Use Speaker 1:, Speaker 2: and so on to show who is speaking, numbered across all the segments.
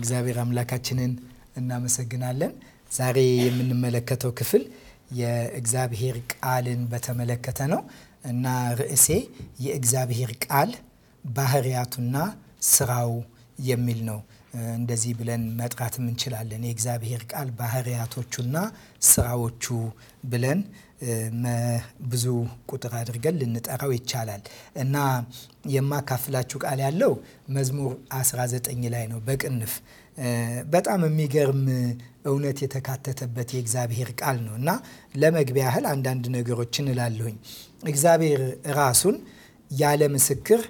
Speaker 1: እግዚአብሔር አምላካችንን እናመሰግናለን። ዛሬ የምንመለከተው ክፍል የእግዚአብሔር ቃልን በተመለከተ ነው እና ርዕሴ የእግዚአብሔር ቃል ባህሪያቱና ስራው የሚል ነው። እንደዚህ ብለን መጥራትም እንችላለን። የእግዚአብሔር ቃል ባህሪያቶቹና ስራዎቹ ብለን ብዙ ቁጥር አድርገን ልንጠራው ይቻላል እና የማካፍላችሁ ቃል ያለው መዝሙር 19 ላይ ነው በቅንፍ በጣም የሚገርም እውነት የተካተተበት የእግዚአብሔር ቃል ነው እና ለመግቢያ ያህል አንዳንድ ነገሮችን እላለሁኝ። እግዚአብሔር ራሱን ያለ ምስክር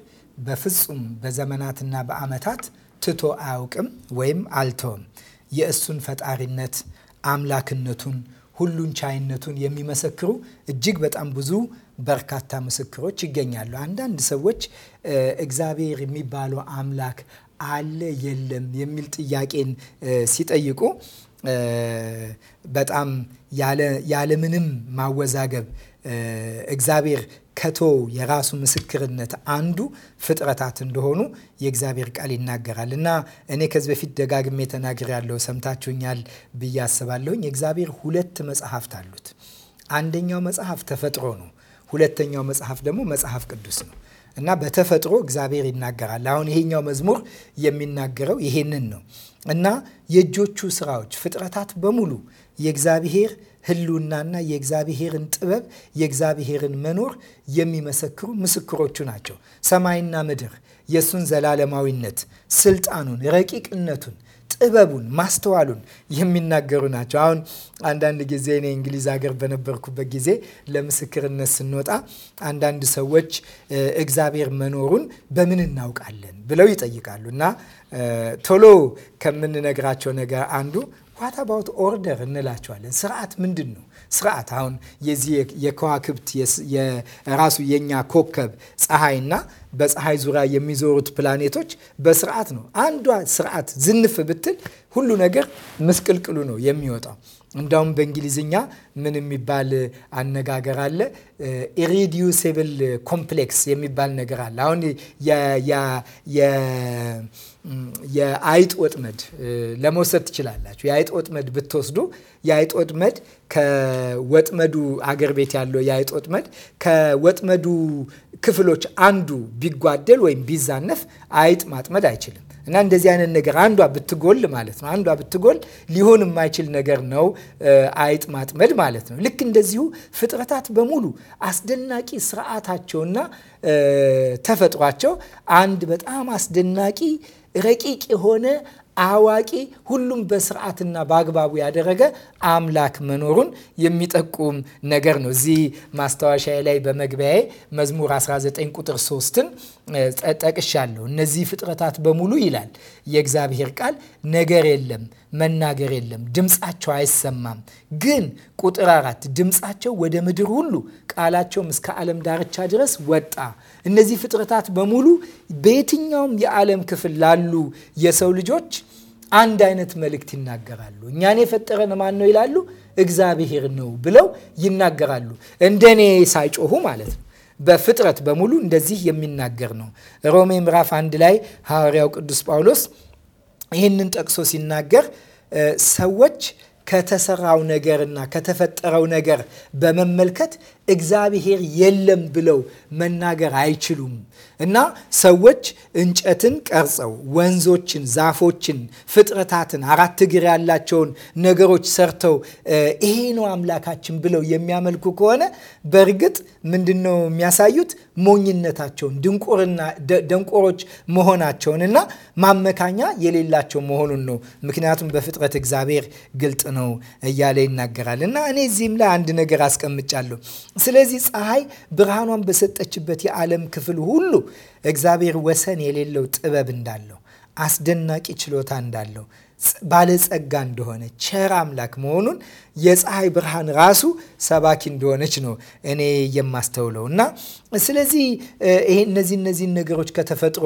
Speaker 1: በፍጹም በዘመናትና በዓመታት ትቶ አያውቅም ወይም አልተውም። የእሱን ፈጣሪነት አምላክነቱን ሁሉን ቻይነቱን የሚመሰክሩ እጅግ በጣም ብዙ በርካታ ምስክሮች ይገኛሉ። አንዳንድ ሰዎች እግዚአብሔር የሚባለው አምላክ አለ የለም የሚል ጥያቄን ሲጠይቁ በጣም ያለምንም ማወዛገብ እግዚአብሔር ከቶ የራሱ ምስክርነት አንዱ ፍጥረታት እንደሆኑ የእግዚአብሔር ቃል ይናገራል እና እኔ ከዚህ በፊት ደጋግሜ ያለው ሰምታችሁኛል ብዬ አስባለሁኝ። እግዚአብሔር ሁለት መጽሐፍት አሉት። አንደኛው መጽሐፍ ተፈጥሮ ነው። ሁለተኛው መጽሐፍ ደግሞ መጽሐፍ ቅዱስ ነው እና በተፈጥሮ እግዚአብሔር ይናገራል። አሁን ይሄኛው መዝሙር የሚናገረው ይሄንን ነው እና የእጆቹ ስራዎች ፍጥረታት በሙሉ የእግዚአብሔር ህልውናና የእግዚአብሔርን ጥበብ የእግዚአብሔርን መኖር የሚመሰክሩ ምስክሮቹ ናቸው። ሰማይና ምድር የእሱን ዘላለማዊነት፣ ስልጣኑን፣ ረቂቅነቱን፣ ጥበቡን፣ ማስተዋሉን የሚናገሩ ናቸው። አሁን አንዳንድ ጊዜ እኔ እንግሊዝ ሀገር በነበርኩበት ጊዜ ለምስክርነት ስንወጣ አንዳንድ ሰዎች እግዚአብሔር መኖሩን በምን እናውቃለን ብለው ይጠይቃሉ እና ቶሎ ከምንነግራቸው ነገር አንዱ ዋት አባውት ኦርደር እንላቸዋለን። ስርዓት ምንድን ነው? ስርዓት አሁን የዚህ የከዋክብት የራሱ የኛ ኮከብ ፀሐይና በፀሐይ ዙሪያ የሚዞሩት ፕላኔቶች በስርዓት ነው። አንዷ ስርዓት ዝንፍ ብትል ሁሉ ነገር ምስቅልቅሉ ነው የሚወጣው። እንዳውም በእንግሊዝኛ ምን የሚባል አነጋገር አለ? ኢሪዲዩሴብል ኮምፕሌክስ የሚባል ነገር አለ። አሁን የአይጥ ወጥመድ ለመውሰድ ትችላላችሁ። የአይጥ ወጥመድ ብትወስዱ የአይጥ ወጥመድ ከወጥመዱ አገር ቤት ያለው የአይጥ ወጥመድ ከወጥመዱ ክፍሎች አንዱ ቢጓደል ወይም ቢዛነፍ አይጥ ማጥመድ አይችልም። እና እንደዚህ አይነት ነገር አንዷ ብትጎል ማለት ነው። አንዷ ብትጎል ሊሆን የማይችል ነገር ነው አይጥ ማጥመድ ማለት ነው። ልክ እንደዚሁ ፍጥረታት በሙሉ አስደናቂ ስርዓታቸውና ተፈጥሯቸው አንድ በጣም አስደናቂ ረቂቅ የሆነ አዋቂ ሁሉም በስርዓትና በአግባቡ ያደረገ አምላክ መኖሩን የሚጠቁም ነገር ነው። እዚህ ማስታወሻ ላይ በመግቢያዬ መዝሙር 19 ቁጥር 3ን ጠቅሻለሁ። እነዚህ ፍጥረታት በሙሉ ይላል የእግዚአብሔር ቃል ነገር የለም፣ መናገር የለም፣ ድምፃቸው አይሰማም። ግን ቁጥር አራት ድምፃቸው ወደ ምድር ሁሉ ቃላቸውም እስከ ዓለም ዳርቻ ድረስ ወጣ። እነዚህ ፍጥረታት በሙሉ በየትኛውም የዓለም ክፍል ላሉ የሰው ልጆች አንድ አይነት መልእክት ይናገራሉ። እኛን የፈጠረን ማን ነው ይላሉ። እግዚአብሔር ነው ብለው ይናገራሉ። እንደኔ ሳይጮሁ ማለት ነው። በፍጥረት በሙሉ እንደዚህ የሚናገር ነው። ሮሜ ምዕራፍ አንድ ላይ ሐዋርያው ቅዱስ ጳውሎስ ይህንን ጠቅሶ ሲናገር ሰዎች ከተሰራው ነገርና ከተፈጠረው ነገር በመመልከት እግዚአብሔር የለም ብለው መናገር አይችሉም እና ሰዎች እንጨትን ቀርጸው ወንዞችን፣ ዛፎችን፣ ፍጥረታትን፣ አራት እግር ያላቸውን ነገሮች ሰርተው ይሄ ነው አምላካችን ብለው የሚያመልኩ ከሆነ በእርግጥ ምንድን ነው የሚያሳዩት? ሞኝነታቸውን፣ ደንቆሮች መሆናቸውን እና ማመካኛ የሌላቸው መሆኑን ነው። ምክንያቱም በፍጥረት እግዚአብሔር ግልጥ ነው እያለ ይናገራል እና እኔ እዚህም ላይ አንድ ነገር አስቀምጫለሁ። ስለዚህ ፀሐይ ብርሃኗን በሰጠችበት የዓለም ክፍል ሁሉ እግዚአብሔር ወሰን የሌለው ጥበብ እንዳለው፣ አስደናቂ ችሎታ እንዳለው፣ ባለጸጋ እንደሆነ፣ ቸር አምላክ መሆኑን የፀሐይ ብርሃን ራሱ ሰባኪ እንደሆነች ነው እኔ የማስተውለው እና ስለዚህ ይሄ እነዚህ እነዚህን ነገሮች ከተፈጥሮ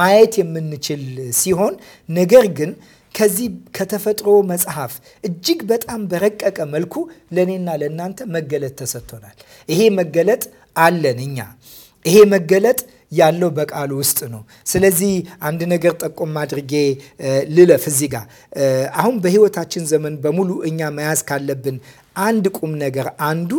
Speaker 1: ማየት የምንችል ሲሆን ነገር ግን ከዚህ ከተፈጥሮ መጽሐፍ እጅግ በጣም በረቀቀ መልኩ ለእኔና ለእናንተ መገለጥ ተሰጥቶናል። ይሄ መገለጥ አለን እኛ ይሄ መገለጥ ያለው በቃሉ ውስጥ ነው። ስለዚህ አንድ ነገር ጠቆም አድርጌ ልለፍ እዚህ ጋር አሁን በህይወታችን ዘመን በሙሉ እኛ መያዝ ካለብን አንድ ቁም ነገር አንዱ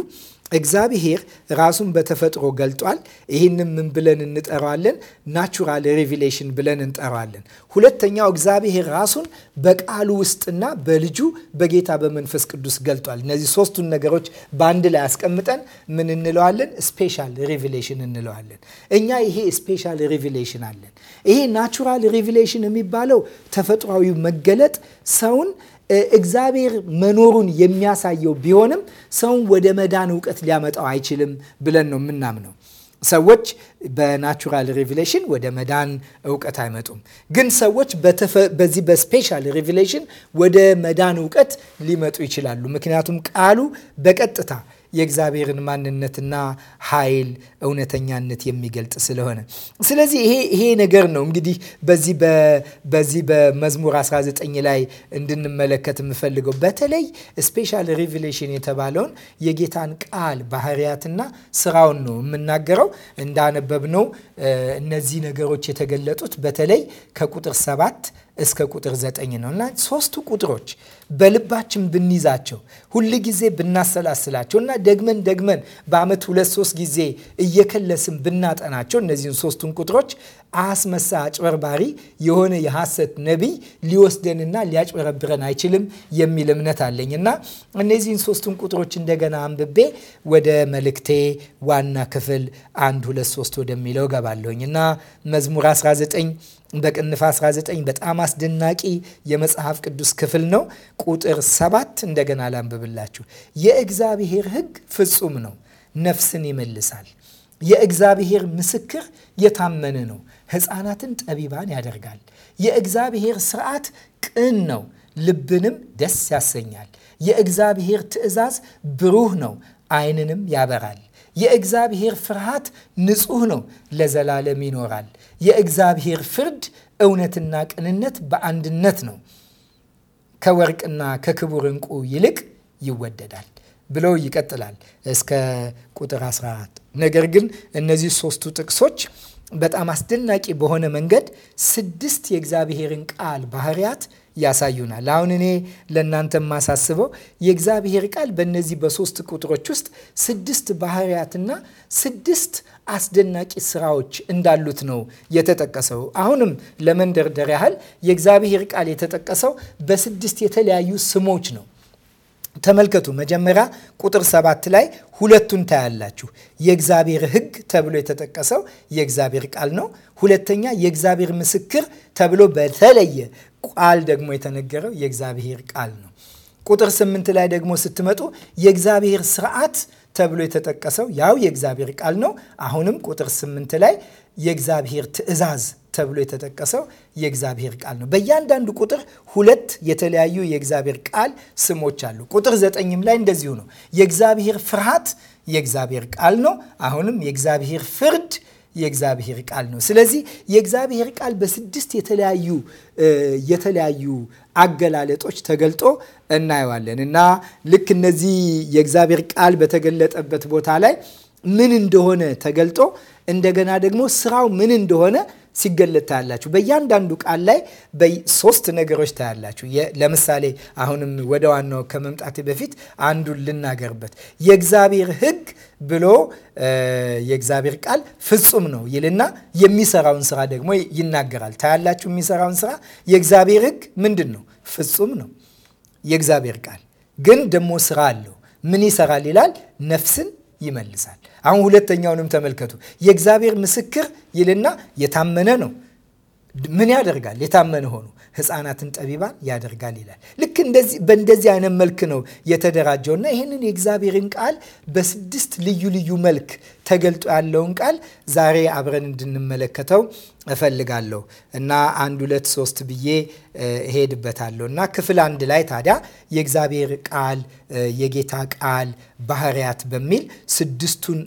Speaker 1: እግዚአብሔር ራሱን በተፈጥሮ ገልጧል። ይህንም ምን ብለን እንጠራዋለን? ናቹራል ሬቪሌሽን ብለን እንጠራዋለን። ሁለተኛው እግዚአብሔር ራሱን በቃሉ ውስጥና በልጁ በጌታ በመንፈስ ቅዱስ ገልጧል። እነዚህ ሶስቱን ነገሮች በአንድ ላይ አስቀምጠን ምን እንለዋለን? ስፔሻል ሬቪሌሽን እንለዋለን። እኛ ይሄ ስፔሻል ሬቪሌሽን አለን። ይሄ ናቹራል ሬቪሌሽን የሚባለው ተፈጥሯዊ መገለጥ ሰውን እግዚአብሔር መኖሩን የሚያሳየው ቢሆንም ሰውን ወደ መዳን እውቀት ሊያመጣው አይችልም ብለን ነው የምናምነው። ሰዎች በናቹራል ሪቪሌሽን ወደ መዳን እውቀት አይመጡም፣ ግን ሰዎች በዚህ በስፔሻል ሪቪሌሽን ወደ መዳን እውቀት ሊመጡ ይችላሉ። ምክንያቱም ቃሉ በቀጥታ የእግዚአብሔርን ማንነትና ኃይል እውነተኛነት የሚገልጥ ስለሆነ ስለዚህ ይሄ ይሄ ነገር ነው እንግዲህ በዚህ በዚህ በመዝሙር 19 ላይ እንድንመለከት የምፈልገው በተለይ ስፔሻል ሪቪሌሽን የተባለውን የጌታን ቃል ባህርያትና ስራውን ነው የምናገረው። እንዳነበብነው እነዚህ ነገሮች የተገለጡት በተለይ ከቁጥር ሰባት እስከ ቁጥር ዘጠኝ ነው እና ሶስቱ ቁጥሮች በልባችን ብንይዛቸው ሁል ጊዜ ብናሰላስላቸው እና ደግመን ደግመን በዓመት ሁለት ሶስት ጊዜ እየከለስን ብናጠናቸው እነዚህን ሶስቱን ቁጥሮች አስመሳ አጭበርባሪ የሆነ የሐሰት ነቢይ ሊወስደንና ሊያጭበረብረን አይችልም የሚል እምነት አለኝ እና እነዚህን ሶስቱን ቁጥሮች እንደገና አንብቤ ወደ መልእክቴ ዋና ክፍል አንድ ሁለት ሶስት ወደሚለው ገባለሁኝ እና መዝሙር 19 በቅንፍ 19 በጣም አስደናቂ የመጽሐፍ ቅዱስ ክፍል ነው። ቁጥር ሰባት እንደገና ላንብብላችሁ። የእግዚአብሔር ሕግ ፍጹም ነው፣ ነፍስን ይመልሳል። የእግዚአብሔር ምስክር የታመነ ነው፣ ሕፃናትን ጠቢባን ያደርጋል። የእግዚአብሔር ስርዓት ቅን ነው፣ ልብንም ደስ ያሰኛል። የእግዚአብሔር ትእዛዝ ብሩህ ነው፣ ዓይንንም ያበራል። የእግዚአብሔር ፍርሃት ንጹህ ነው፣ ለዘላለም ይኖራል። የእግዚአብሔር ፍርድ እውነትና ቅንነት በአንድነት ነው። ከወርቅና ከክቡር እንቁ ይልቅ ይወደዳል ብሎ ይቀጥላል እስከ ቁጥር 14 ነገር ግን እነዚህ ሶስቱ ጥቅሶች በጣም አስደናቂ በሆነ መንገድ ስድስት የእግዚአብሔርን ቃል ባህሪያት ያሳዩናል። አሁን እኔ ለእናንተ የማሳስበው የእግዚአብሔር ቃል በእነዚህ በሶስት ቁጥሮች ውስጥ ስድስት ባህሪያትና ስድስት አስደናቂ ስራዎች እንዳሉት ነው የተጠቀሰው። አሁንም ለመንደርደር ያህል የእግዚአብሔር ቃል የተጠቀሰው በስድስት የተለያዩ ስሞች ነው። ተመልከቱ። መጀመሪያ ቁጥር ሰባት ላይ ሁለቱን ታያላችሁ። የእግዚአብሔር ሕግ ተብሎ የተጠቀሰው የእግዚአብሔር ቃል ነው። ሁለተኛ የእግዚአብሔር ምስክር ተብሎ በተለየ ቃል ደግሞ የተነገረው የእግዚአብሔር ቃል ነው። ቁጥር ስምንት ላይ ደግሞ ስትመጡ የእግዚአብሔር ስርዓት ተብሎ የተጠቀሰው ያው የእግዚአብሔር ቃል ነው። አሁንም ቁጥር ስምንት ላይ የእግዚአብሔር ትእዛዝ ተብሎ የተጠቀሰው የእግዚአብሔር ቃል ነው። በእያንዳንዱ ቁጥር ሁለት የተለያዩ የእግዚአብሔር ቃል ስሞች አሉ። ቁጥር ዘጠኝም ላይ እንደዚሁ ነው። የእግዚአብሔር ፍርሃት የእግዚአብሔር ቃል ነው። አሁንም የእግዚአብሔር ፍርድ የእግዚአብሔር ቃል ነው። ስለዚህ የእግዚአብሔር ቃል በስድስት የተለያዩ የተለያዩ አገላለጦች ተገልጦ እናየዋለን እና ልክ እነዚህ የእግዚአብሔር ቃል በተገለጠበት ቦታ ላይ ምን እንደሆነ ተገልጦ እንደገና ደግሞ ስራው ምን እንደሆነ ሲገለጥ ታያላችሁ። በእያንዳንዱ ቃል ላይ ሶስት ነገሮች ታያላችሁ። ለምሳሌ አሁንም ወደ ዋናው ከመምጣቴ በፊት አንዱን ልናገርበት። የእግዚአብሔር ሕግ ብሎ የእግዚአብሔር ቃል ፍጹም ነው ይልና የሚሰራውን ስራ ደግሞ ይናገራል። ታያላችሁ የሚሰራውን ስራ። የእግዚአብሔር ሕግ ምንድን ነው? ፍጹም ነው። የእግዚአብሔር ቃል ግን ደግሞ ስራ አለው። ምን ይሰራል ይላል? ነፍስን ይመልሳል። አሁን ሁለተኛውንም ተመልከቱ። የእግዚአብሔር ምስክር ይልና የታመነ ነው። ምን ያደርጋል? የታመነ ሆኖ ሕፃናትን ጠቢባን ያደርጋል ይላል። ልክ በእንደዚህ አይነት መልክ ነው የተደራጀውና ይህንን የእግዚአብሔርን ቃል በስድስት ልዩ ልዩ መልክ ተገልጦ ያለውን ቃል ዛሬ አብረን እንድንመለከተው እፈልጋለሁ እና አንድ ሁለት ሶስት ብዬ እሄድበታለሁ እና ክፍል አንድ ላይ ታዲያ የእግዚአብሔር ቃል የጌታ ቃል ባህርያት በሚል ስድስቱን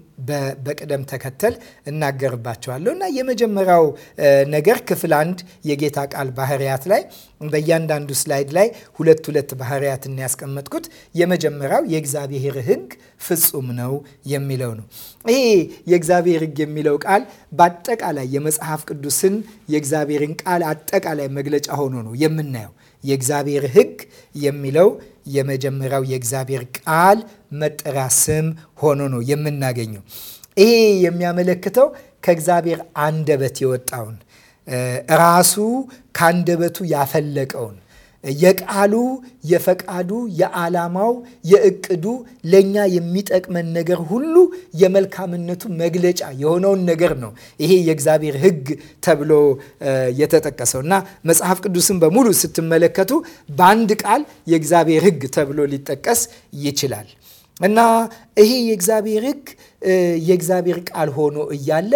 Speaker 1: በቅደም ተከተል እናገርባቸዋለሁ እና የመጀመሪያው ነገር ክፍል አንድ የጌታ ቃል ባህርያት ላይ በእያንዳንዱ ስላይድ ላይ ሁለት ሁለት ባህርያት እናያስቀመጥኩት የመጀመሪያው የእግዚአብሔር ሕግ ፍጹም ነው የሚለው ነው። ይሄ የእግዚአብሔር ሕግ የሚለው ቃል በአጠቃላይ የመጽሐፍ ቅዱስን የእግዚአብሔርን ቃል አጠቃላይ መግለጫ ሆኖ ነው የምናየው። የእግዚአብሔር ሕግ የሚለው የመጀመሪያው የእግዚአብሔር ቃል መጠሪያ ስም ሆኖ ነው የምናገኘው። ይሄ የሚያመለክተው ከእግዚአብሔር አንደበት የወጣውን ራሱ ከአንደበቱ ያፈለቀውን የቃሉ የፈቃዱ የዓላማው የእቅዱ ለእኛ የሚጠቅመን ነገር ሁሉ የመልካምነቱ መግለጫ የሆነውን ነገር ነው ይሄ የእግዚአብሔር ሕግ ተብሎ የተጠቀሰው እና መጽሐፍ ቅዱስን በሙሉ ስትመለከቱ በአንድ ቃል የእግዚአብሔር ሕግ ተብሎ ሊጠቀስ ይችላል እና ይሄ የእግዚአብሔር ሕግ የእግዚአብሔር ቃል ሆኖ እያለ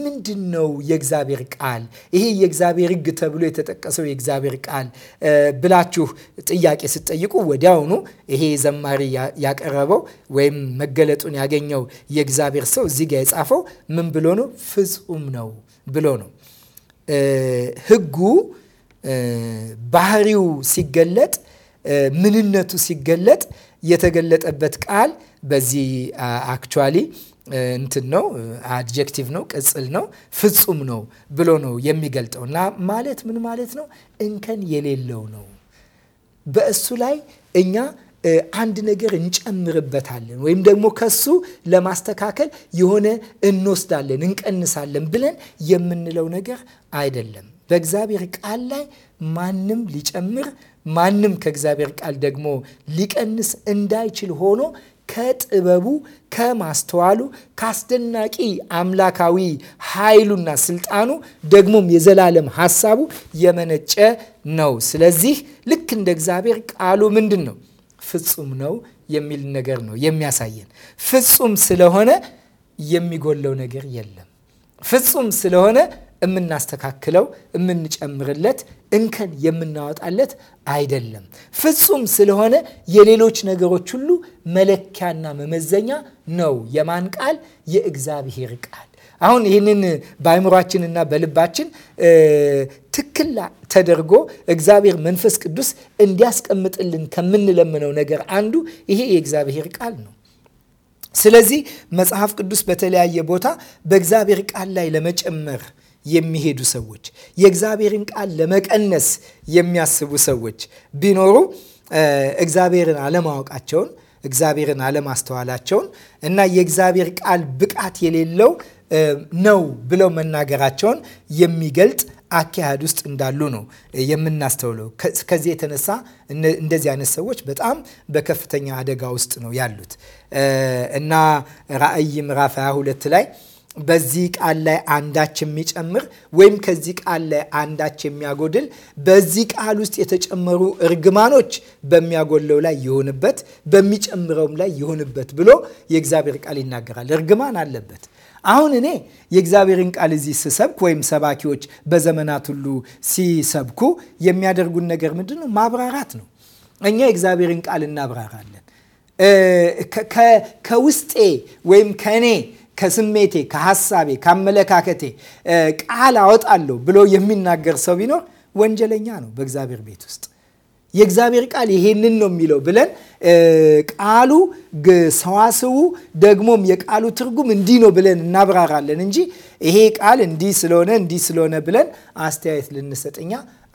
Speaker 1: ምንድን ነው የእግዚአብሔር ቃል ይሄ የእግዚአብሔር ሕግ ተብሎ የተጠቀሰው የእግዚአብሔር ቃል ብላችሁ ጥያቄ ስትጠይቁ ወዲያውኑ ይሄ ዘማሪ ያቀረበው ወይም መገለጡን ያገኘው የእግዚአብሔር ሰው እዚህ ጋር የጻፈው ምን ብሎ ነው? ፍጹም ነው ብሎ ነው። ሕጉ ባህሪው ሲገለጥ ምንነቱ ሲገለጥ የተገለጠበት ቃል በዚህ አክቹዋሊ እንትን ነው አድጀክቲቭ ነው ቅጽል ነው ፍጹም ነው ብሎ ነው የሚገልጠው እና ማለት ምን ማለት ነው እንከን የሌለው ነው በእሱ ላይ እኛ አንድ ነገር እንጨምርበታለን ወይም ደግሞ ከሱ ለማስተካከል የሆነ እንወስዳለን እንቀንሳለን ብለን የምንለው ነገር አይደለም በእግዚአብሔር ቃል ላይ ማንም ሊጨምር ማንም ከእግዚአብሔር ቃል ደግሞ ሊቀንስ እንዳይችል ሆኖ ከጥበቡ፣ ከማስተዋሉ፣ ከአስደናቂ አምላካዊ ኃይሉና ስልጣኑ ደግሞም የዘላለም ሀሳቡ የመነጨ ነው። ስለዚህ ልክ እንደ እግዚአብሔር ቃሉ ምንድን ነው? ፍጹም ነው የሚል ነገር ነው የሚያሳየን። ፍጹም ስለሆነ የሚጎለው ነገር የለም። ፍጹም ስለሆነ የምናስተካክለው፣ የምንጨምርለት፣ እንከን የምናወጣለት አይደለም። ፍጹም ስለሆነ የሌሎች ነገሮች ሁሉ መለኪያና መመዘኛ ነው። የማን ቃል? የእግዚአብሔር ቃል። አሁን ይህንን በአይምሯችንና በልባችን ትክላ ተደርጎ እግዚአብሔር መንፈስ ቅዱስ እንዲያስቀምጥልን ከምንለምነው ነገር አንዱ ይሄ የእግዚአብሔር ቃል ነው። ስለዚህ መጽሐፍ ቅዱስ በተለያየ ቦታ በእግዚአብሔር ቃል ላይ ለመጨመር የሚሄዱ ሰዎች፣ የእግዚአብሔርን ቃል ለመቀነስ የሚያስቡ ሰዎች ቢኖሩ እግዚአብሔርን አለማወቃቸውን፣ እግዚአብሔርን አለማስተዋላቸውን እና የእግዚአብሔር ቃል ብቃት የሌለው ነው ብለው መናገራቸውን የሚገልጥ አካሄድ ውስጥ እንዳሉ ነው የምናስተውለው። ከዚህ የተነሳ እንደዚህ አይነት ሰዎች በጣም በከፍተኛ አደጋ ውስጥ ነው ያሉት እና ራእይ ምዕራፍ 22 ላይ በዚህ ቃል ላይ አንዳች የሚጨምር ወይም ከዚህ ቃል ላይ አንዳች የሚያጎድል በዚህ ቃል ውስጥ የተጨመሩ እርግማኖች በሚያጎለው ላይ ይሆንበት በሚጨምረውም ላይ ይሆንበት ብሎ የእግዚአብሔር ቃል ይናገራል። እርግማን አለበት። አሁን እኔ የእግዚአብሔርን ቃል እዚህ ስሰብክ ወይም ሰባኪዎች በዘመናት ሁሉ ሲሰብኩ የሚያደርጉን ነገር ምንድን ነው? ማብራራት ነው። እኛ የእግዚአብሔርን ቃል እናብራራለን። ከውስጤ ወይም ከእኔ ከስሜቴ፣ ከሀሳቤ ከአመለካከቴ ቃል አወጣለሁ ብሎ የሚናገር ሰው ቢኖር ወንጀለኛ ነው በእግዚአብሔር ቤት ውስጥ የእግዚአብሔር ቃል ይሄንን ነው የሚለው ብለን ቃሉ ሰዋስቡ ደግሞም የቃሉ ትርጉም እንዲህ ነው ብለን እናብራራለን እንጂ ይሄ ቃል እንዲህ ስለሆነ እንዲህ ስለሆነ ብለን አስተያየት ልንሰጠኛ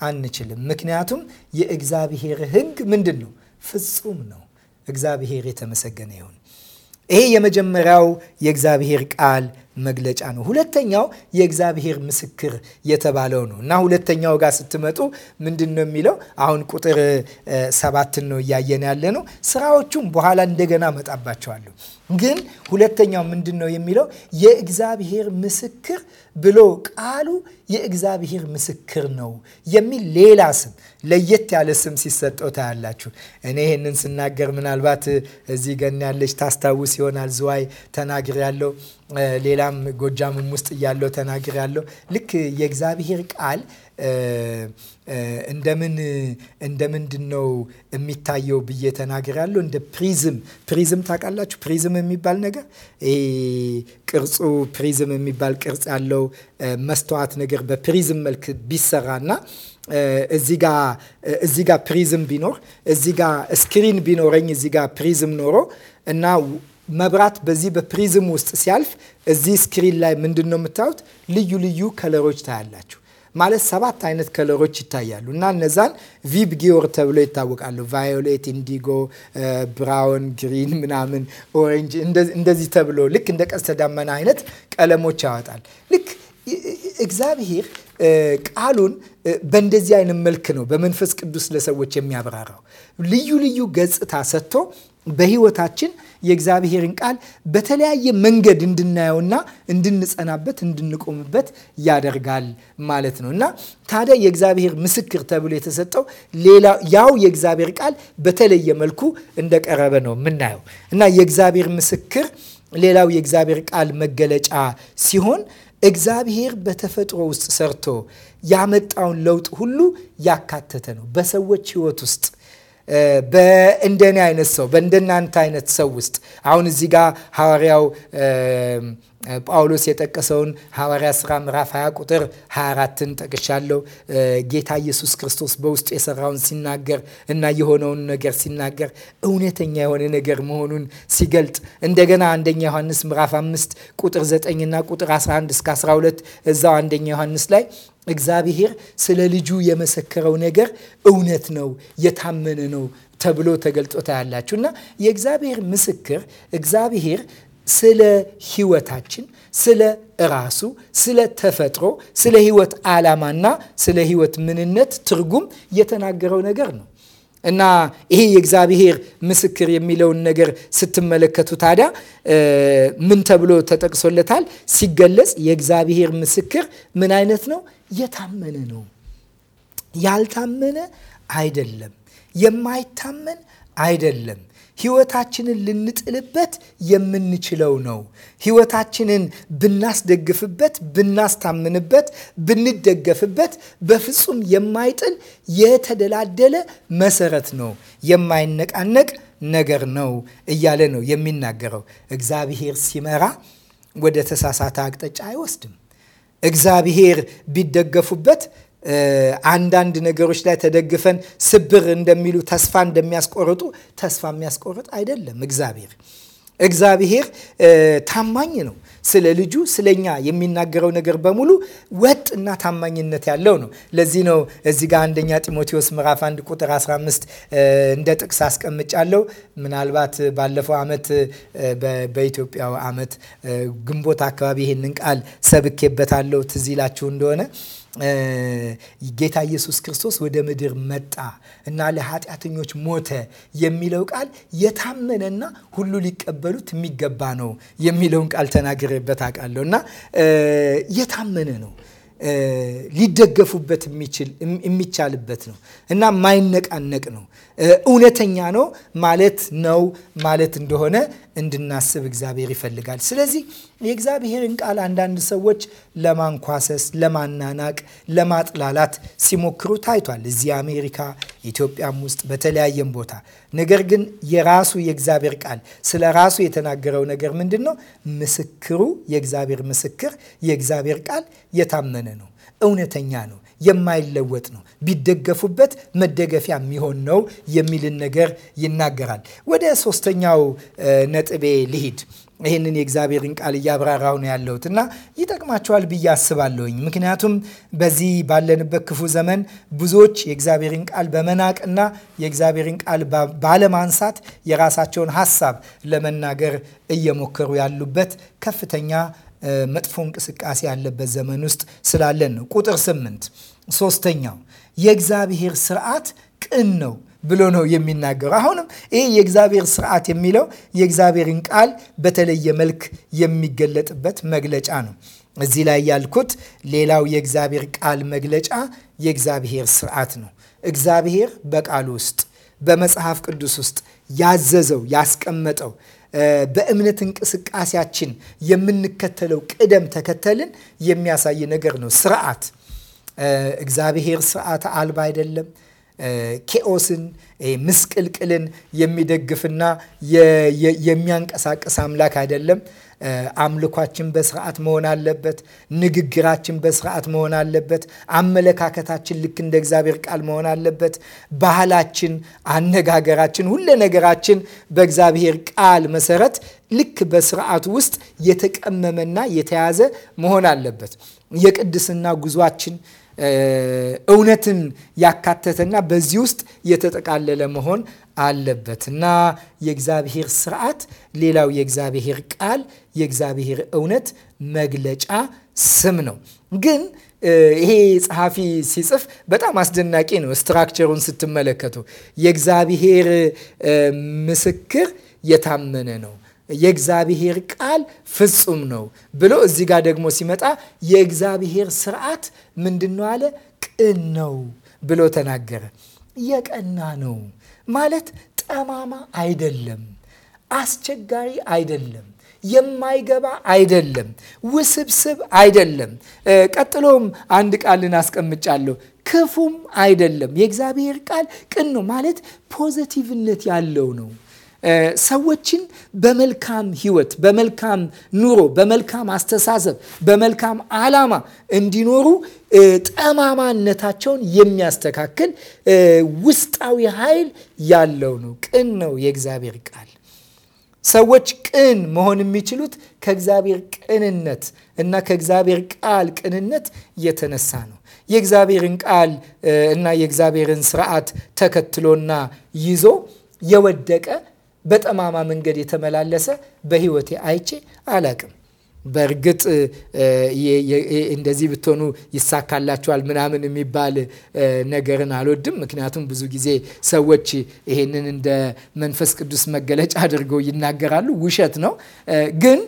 Speaker 1: አንችልም። ምክንያቱም የእግዚአብሔር ሕግ ምንድን ነው? ፍጹም ነው። እግዚአብሔር የተመሰገነ ይሁን። ይሄ የመጀመሪያው የእግዚአብሔር ቃል መግለጫ ነው። ሁለተኛው የእግዚአብሔር ምስክር የተባለው ነው እና ሁለተኛው ጋር ስትመጡ ምንድን ነው የሚለው? አሁን ቁጥር ሰባትን ነው እያየን ያለ ነው። ስራዎቹም በኋላ እንደገና መጣባቸዋለሁ። ግን ሁለተኛው ምንድን ነው የሚለው? የእግዚአብሔር ምስክር ብሎ ቃሉ የእግዚአብሔር ምስክር ነው የሚል ሌላ ስም ለየት ያለ ስም ሲሰጠው ታያላችሁ። እኔ ይህንን ስናገር ምናልባት እዚህ ገና ያለች ታስታውስ ይሆናል። ዝዋይ ተናግር ያለው ሌላም ጎጃምም ውስጥ እያለው ተናግር ያለው ልክ የእግዚአብሔር ቃል እንደምን እንደምንድን ነው የሚታየው ብዬ ተናግር ያለው እንደ ፕሪዝም ፕሪዝም ታውቃላችሁ። ፕሪዝም የሚባል ነገር ቅርጹ ፕሪዝም የሚባል ቅርጽ ያለው መስተዋት ነገር በፕሪዝም መልክ ቢሰራ እና Eh, እዚጋ eh, ጋ ፕሪዝም ቢኖር እዚ ጋ ስክሪን ቢኖረኝ እዚ ጋ ፕሪዝም ኖሮ እና መብራት በዚህ በፕሪዝም ውስጥ ሲያልፍ እዚህ ስክሪን ላይ ምንድን ነው የምታዩት? ልዩ ልዩ ከለሮች ታያላችሁ። ማለት ሰባት አይነት ከለሮች ይታያሉ እና እነዛን ቪብ ጊዮር ተብሎ ይታወቃሉ። ቫዮሌት፣ ኢንዲጎ፣ ብራውን፣ ግሪን፣ ምናምን ኦሬንጅ እንደዚህ ተብሎ ልክ እንደ ቀስተ ደመና አይነት ቀለሞች ያወጣል ልክ እግዚአብሔር ቃሉን በእንደዚህ አይነት መልክ ነው በመንፈስ ቅዱስ ለሰዎች የሚያብራራው ልዩ ልዩ ገጽታ ሰጥቶ በህይወታችን የእግዚአብሔርን ቃል በተለያየ መንገድ እንድናየውና እንድንጸናበት እንድንቆምበት ያደርጋል ማለት ነው እና ታዲያ የእግዚአብሔር ምስክር ተብሎ የተሰጠው ሌላ ያው የእግዚአብሔር ቃል በተለየ መልኩ እንደቀረበ ነው የምናየው እና የእግዚአብሔር ምስክር ሌላው የእግዚአብሔር ቃል መገለጫ ሲሆን እግዚአብሔር በተፈጥሮ ውስጥ ሰርቶ ያመጣውን ለውጥ ሁሉ ያካተተ ነው በሰዎች ህይወት ውስጥ በእንደኔ አይነት ሰው በእንደናንተ አይነት ሰው ውስጥ አሁን እዚህ ጋር ሐዋርያው ጳውሎስ የጠቀሰውን ሐዋርያ ሥራ ምዕራፍ 20 ቁጥር 24ን ጠቅሻለሁ። ጌታ ኢየሱስ ክርስቶስ በውስጡ የሰራውን ሲናገር እና የሆነውን ነገር ሲናገር እውነተኛ የሆነ ነገር መሆኑን ሲገልጥ እንደገና አንደኛ ዮሐንስ ምዕራፍ 5 ቁጥር 9 እና ቁጥር 11 እስከ 12 እዛው አንደኛ ዮሐንስ ላይ እግዚአብሔር ስለ ልጁ የመሰከረው ነገር እውነት ነው፣ የታመነ ነው ተብሎ ተገልጦ ታያላችሁ እና የእግዚአብሔር ምስክር እግዚአብሔር ስለ ህይወታችን ስለ ራሱ ስለ ተፈጥሮ ስለ ህይወት ዓላማና ስለ ህይወት ምንነት ትርጉም የተናገረው ነገር ነው። እና ይሄ የእግዚአብሔር ምስክር የሚለውን ነገር ስትመለከቱ ታዲያ ምን ተብሎ ተጠቅሶለታል? ሲገለጽ የእግዚአብሔር ምስክር ምን አይነት ነው? የታመነ ነው፣ ያልታመነ አይደለም፣ የማይታመን አይደለም ህይወታችንን ልንጥልበት የምንችለው ነው። ህይወታችንን ብናስደግፍበት፣ ብናስታምንበት፣ ብንደገፍበት በፍጹም የማይጥል የተደላደለ መሰረት ነው፣ የማይነቃነቅ ነገር ነው እያለ ነው የሚናገረው። እግዚአብሔር ሲመራ ወደ ተሳሳተ አቅጣጫ አይወስድም። እግዚአብሔር ቢደገፉበት አንዳንድ ነገሮች ላይ ተደግፈን ስብር እንደሚሉ ተስፋ እንደሚያስቆርጡ ተስፋ የሚያስቆርጥ አይደለም። እግዚአብሔር እግዚአብሔር ታማኝ ነው። ስለ ልጁ ስለኛ የሚናገረው ነገር በሙሉ ወጥና ታማኝነት ያለው ነው። ለዚህ ነው እዚህ ጋር አንደኛ ጢሞቴዎስ ምዕራፍ 1 ቁጥር 15 እንደ ጥቅስ አስቀምጫለሁ። ምናልባት ባለፈው ዓመት በኢትዮጵያ ዓመት ግንቦት አካባቢ ይህንን ቃል ሰብኬበታለሁ ትዝ ይላችሁ እንደሆነ ጌታ ኢየሱስ ክርስቶስ ወደ ምድር መጣ እና ለኃጢአተኞች ሞተ የሚለው ቃል የታመነና ሁሉ ሊቀበሉት የሚገባ ነው የሚለውን ቃል ተናግሬበት አውቃለሁ እና የታመነ ነው ሊደገፉበት የሚቻልበት ነው እና ማይነቃነቅ ነው እውነተኛ ነው ማለት ነው ማለት እንደሆነ እንድናስብ እግዚአብሔር ይፈልጋል። ስለዚህ የእግዚአብሔርን ቃል አንዳንድ ሰዎች ለማንኳሰስ፣ ለማናናቅ፣ ለማጥላላት ሲሞክሩ ታይቷል። እዚህ አሜሪካ፣ ኢትዮጵያም ውስጥ በተለያየም ቦታ ነገር ግን የራሱ የእግዚአብሔር ቃል ስለ ራሱ የተናገረው ነገር ምንድን ነው? ምስክሩ የእግዚአብሔር ምስክር የእግዚአብሔር ቃል የታመነ ነው፣ እውነተኛ ነው። የማይለወጥ ነው፣ ቢደገፉበት መደገፊያ የሚሆን ነው የሚልን ነገር ይናገራል። ወደ ሶስተኛው ነጥቤ ልሂድ። ይህንን የእግዚአብሔርን ቃል እያብራራሁ ነው ያለሁት እና ይጠቅማቸዋል ብዬ አስባለሁኝ። ምክንያቱም በዚህ ባለንበት ክፉ ዘመን ብዙዎች የእግዚአብሔርን ቃል በመናቅና የእግዚአብሔርን ቃል ባለማንሳት የራሳቸውን ሀሳብ ለመናገር እየሞከሩ ያሉበት ከፍተኛ መጥፎ እንቅስቃሴ ያለበት ዘመን ውስጥ ስላለን ነው። ቁጥር ስምንት ሶስተኛው የእግዚአብሔር ስርዓት ቅን ነው ብሎ ነው የሚናገሩ። አሁንም ይህ የእግዚአብሔር ስርዓት የሚለው የእግዚአብሔርን ቃል በተለየ መልክ የሚገለጥበት መግለጫ ነው። እዚህ ላይ ያልኩት ሌላው የእግዚአብሔር ቃል መግለጫ የእግዚአብሔር ስርዓት ነው። እግዚአብሔር በቃሉ ውስጥ በመጽሐፍ ቅዱስ ውስጥ ያዘዘው ያስቀመጠው በእምነት እንቅስቃሴያችን የምንከተለው ቅደም ተከተልን የሚያሳይ ነገር ነው። ስርዓት እግዚአብሔር ስርዓት አልባ አይደለም። ኬኦስን ምስቅልቅልን የሚደግፍና የሚያንቀሳቅስ አምላክ አይደለም። አምልኳችን በስርዓት መሆን አለበት። ንግግራችን በስርዓት መሆን አለበት። አመለካከታችን ልክ እንደ እግዚአብሔር ቃል መሆን አለበት። ባህላችን፣ አነጋገራችን፣ ሁለ ነገራችን በእግዚአብሔር ቃል መሰረት ልክ በስርዓቱ ውስጥ የተቀመመና የተያዘ መሆን አለበት። የቅድስና ጉዟችን እውነትን ያካተተና በዚህ ውስጥ የተጠቃለለ መሆን አለበት እና የእግዚአብሔር ስርዓት፣ ሌላው የእግዚአብሔር ቃል፣ የእግዚአብሔር እውነት መግለጫ ስም ነው ግን ይሄ ጸሐፊ ሲጽፍ በጣም አስደናቂ ነው። ስትራክቸሩን ስትመለከቱ የእግዚአብሔር ምስክር የታመነ ነው የእግዚአብሔር ቃል ፍጹም ነው ብሎ እዚህ ጋር ደግሞ ሲመጣ የእግዚአብሔር ስርዓት ምንድን ነው አለ? ቅን ነው ብሎ ተናገረ። የቀና ነው ማለት ጠማማ አይደለም፣ አስቸጋሪ አይደለም፣ የማይገባ አይደለም፣ ውስብስብ አይደለም። ቀጥሎም አንድ ቃልን አስቀምጫለሁ ክፉም አይደለም። የእግዚአብሔር ቃል ቅን ነው ማለት ፖዘቲቭነት ያለው ነው ሰዎችን በመልካም ህይወት፣ በመልካም ኑሮ፣ በመልካም አስተሳሰብ፣ በመልካም ዓላማ እንዲኖሩ ጠማማነታቸውን የሚያስተካክል ውስጣዊ ኃይል ያለው ነው። ቅን ነው የእግዚአብሔር ቃል። ሰዎች ቅን መሆን የሚችሉት ከእግዚአብሔር ቅንነት እና ከእግዚአብሔር ቃል ቅንነት የተነሳ ነው። የእግዚአብሔርን ቃል እና የእግዚአብሔርን ስርዓት ተከትሎና ይዞ የወደቀ በጠማማ መንገድ የተመላለሰ በህይወቴ አይቼ አላቅም። በእርግጥ እንደዚህ ብትሆኑ ይሳካላችኋል ምናምን የሚባል ነገርን አልወድም። ምክንያቱም ብዙ ጊዜ ሰዎች ይሄንን እንደ መንፈስ ቅዱስ መገለጫ አድርገው ይናገራሉ። ውሸት ነው። ግን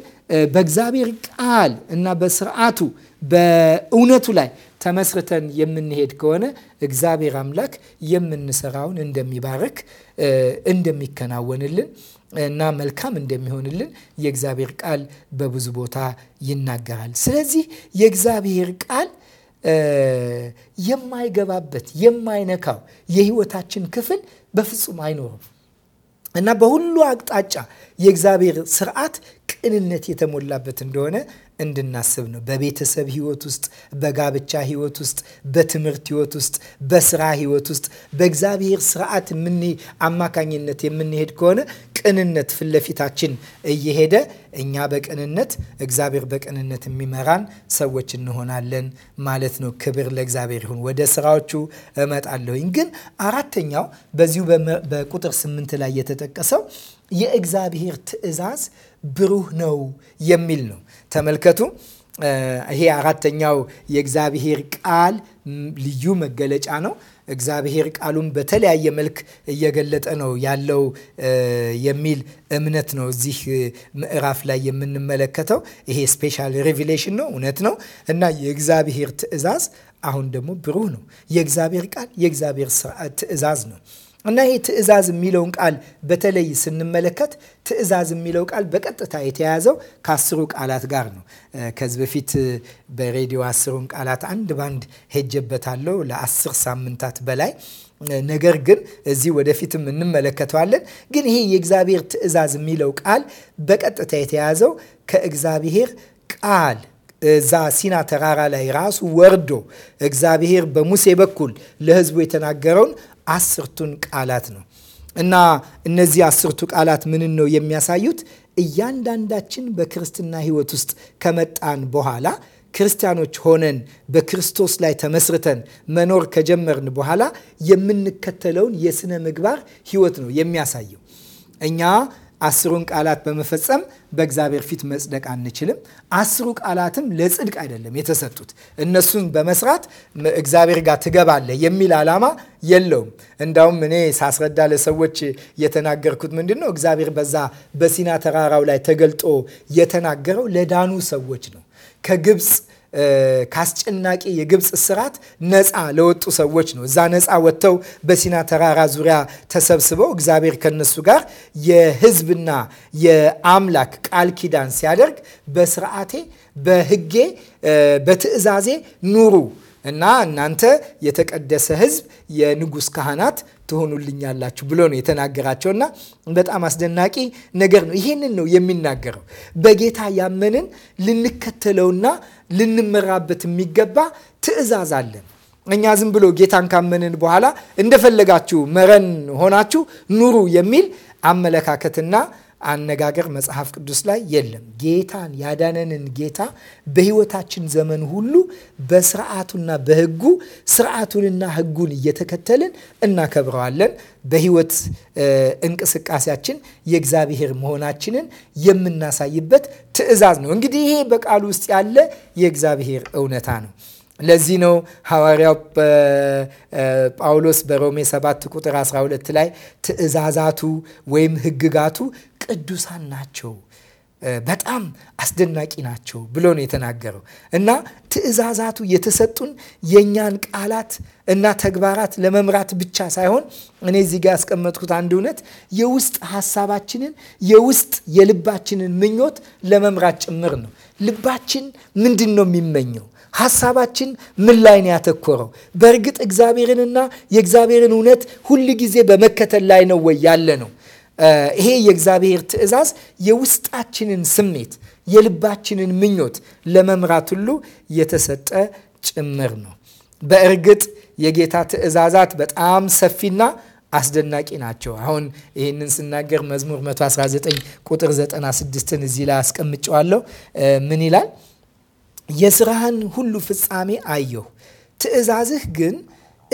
Speaker 1: በእግዚአብሔር ቃል እና በስርዓቱ በእውነቱ ላይ ተመስርተን የምንሄድ ከሆነ እግዚአብሔር አምላክ የምንሰራውን እንደሚባርክ እንደሚከናወንልን እና መልካም እንደሚሆንልን የእግዚአብሔር ቃል በብዙ ቦታ ይናገራል። ስለዚህ የእግዚአብሔር ቃል የማይገባበት የማይነካው የህይወታችን ክፍል በፍጹም አይኖርም እና በሁሉ አቅጣጫ የእግዚአብሔር ስርዓት ቅንነት የተሞላበት እንደሆነ እንድናስብ ነው። በቤተሰብ ህይወት ውስጥ፣ በጋብቻ ህይወት ውስጥ፣ በትምህርት ህይወት ውስጥ፣ በስራ ህይወት ውስጥ በእግዚአብሔር ስርዓት አማካኝነት የምንሄድ ከሆነ ቅንነት ፊት ለፊታችን እየሄደ እኛ በቅንነት እግዚአብሔር በቅንነት የሚመራን ሰዎች እንሆናለን ማለት ነው። ክብር ለእግዚአብሔር ይሁን። ወደ ስራዎቹ እመጣለሁኝ። ግን አራተኛው በዚሁ በቁጥር ስምንት ላይ የተጠቀሰው የእግዚአብሔር ትእዛዝ ብሩህ ነው የሚል ነው። ተመልከቱ። ይሄ አራተኛው የእግዚአብሔር ቃል ልዩ መገለጫ ነው። እግዚአብሔር ቃሉን በተለያየ መልክ እየገለጠ ነው ያለው የሚል እምነት ነው እዚህ ምዕራፍ ላይ የምንመለከተው። ይሄ ስፔሻል ሬቪሌሽን ነው፣ እውነት ነው እና የእግዚአብሔር ትእዛዝ አሁን ደግሞ ብሩህ ነው። የእግዚአብሔር ቃል የእግዚአብሔር ትእዛዝ ነው። እና ይሄ ትእዛዝ የሚለውን ቃል በተለይ ስንመለከት ትእዛዝ የሚለው ቃል በቀጥታ የተያያዘው ከአስሩ ቃላት ጋር ነው። ከዚህ በፊት በሬዲዮ አስሩን ቃላት አንድ ባንድ ሄጀበታለሁ ለአስር ሳምንታት በላይ ነገር ግን እዚህ ወደፊትም እንመለከተዋለን። ግን ይሄ የእግዚአብሔር ትእዛዝ የሚለው ቃል በቀጥታ የተያዘው ከእግዚአብሔር ቃል እዛ ሲና ተራራ ላይ ራሱ ወርዶ እግዚአብሔር በሙሴ በኩል ለሕዝቡ የተናገረውን አስርቱን ቃላት ነው እና እነዚህ አስርቱ ቃላት ምንን ነው የሚያሳዩት? እያንዳንዳችን በክርስትና ሕይወት ውስጥ ከመጣን በኋላ ክርስቲያኖች ሆነን በክርስቶስ ላይ ተመስርተን መኖር ከጀመርን በኋላ የምንከተለውን የስነ ምግባር ሕይወት ነው የሚያሳየው እኛ አስሩን ቃላት በመፈጸም በእግዚአብሔር ፊት መጽደቅ አንችልም። አስሩ ቃላትም ለጽድቅ አይደለም የተሰጡት። እነሱን በመስራት እግዚአብሔር ጋር ትገባለህ የሚል ዓላማ የለውም። እንዳውም እኔ ሳስረዳ ለሰዎች የተናገርኩት ምንድን ነው? እግዚአብሔር በዛ በሲና ተራራው ላይ ተገልጦ የተናገረው ለዳኑ ሰዎች ነው ከግብፅ ከአስጨናቂ የግብፅ ስርዓት ነፃ ለወጡ ሰዎች ነው። እዛ ነፃ ወጥተው በሲና ተራራ ዙሪያ ተሰብስበው እግዚአብሔር ከነሱ ጋር የሕዝብና የአምላክ ቃል ኪዳን ሲያደርግ በስርዓቴ፣ በሕጌ፣ በትእዛዜ ኑሩ እና እናንተ የተቀደሰ ሕዝብ የንጉስ ካህናት ትሆኑልኛላችሁ ብሎ ነው የተናገራቸው። እና በጣም አስደናቂ ነገር ነው። ይሄንን ነው የሚናገረው በጌታ ያመንን ልንከተለውና ልንመራበት የሚገባ ትዕዛዝ አለን። እኛ ዝም ብሎ ጌታን ካመንን በኋላ እንደፈለጋችሁ መረን ሆናችሁ ኑሩ የሚል አመለካከትና አነጋገር መጽሐፍ ቅዱስ ላይ የለም። ጌታን ያዳነንን ጌታ በሕይወታችን ዘመን ሁሉ በስርዓቱና በሕጉ ስርዓቱንና ሕጉን እየተከተልን እናከብረዋለን። በሕይወት እንቅስቃሴያችን የእግዚአብሔር መሆናችንን የምናሳይበት ትእዛዝ ነው። እንግዲህ ይሄ በቃሉ ውስጥ ያለ የእግዚአብሔር እውነታ ነው። ለዚህ ነው ሐዋርያው ጳውሎስ በሮሜ 7 ቁጥር 12 ላይ ትእዛዛቱ ወይም ሕግጋቱ ቅዱሳን ናቸው፣ በጣም አስደናቂ ናቸው ብሎ ነው የተናገረው እና ትእዛዛቱ የተሰጡን የእኛን ቃላት እና ተግባራት ለመምራት ብቻ ሳይሆን እኔ እዚህ ጋር ያስቀመጥኩት አንድ እውነት የውስጥ ሀሳባችንን የውስጥ የልባችንን ምኞት ለመምራት ጭምር ነው። ልባችን ምንድን ነው የሚመኘው? ሀሳባችን ምን ላይ ነው ያተኮረው? በእርግጥ እግዚአብሔርንና የእግዚአብሔርን እውነት ሁል ጊዜ በመከተል ላይ ነው ወይ ያለ ነው? ይሄ የእግዚአብሔር ትእዛዝ የውስጣችንን ስሜት የልባችንን ምኞት ለመምራት ሁሉ የተሰጠ ጭምር ነው። በእርግጥ የጌታ ትእዛዛት በጣም ሰፊና አስደናቂ ናቸው። አሁን ይህንን ስናገር መዝሙር 119 ቁጥር 96ን እዚህ ላይ አስቀምጨዋለሁ። ምን ይላል? የስራህን ሁሉ ፍጻሜ አየሁ። ትእዛዝህ ግን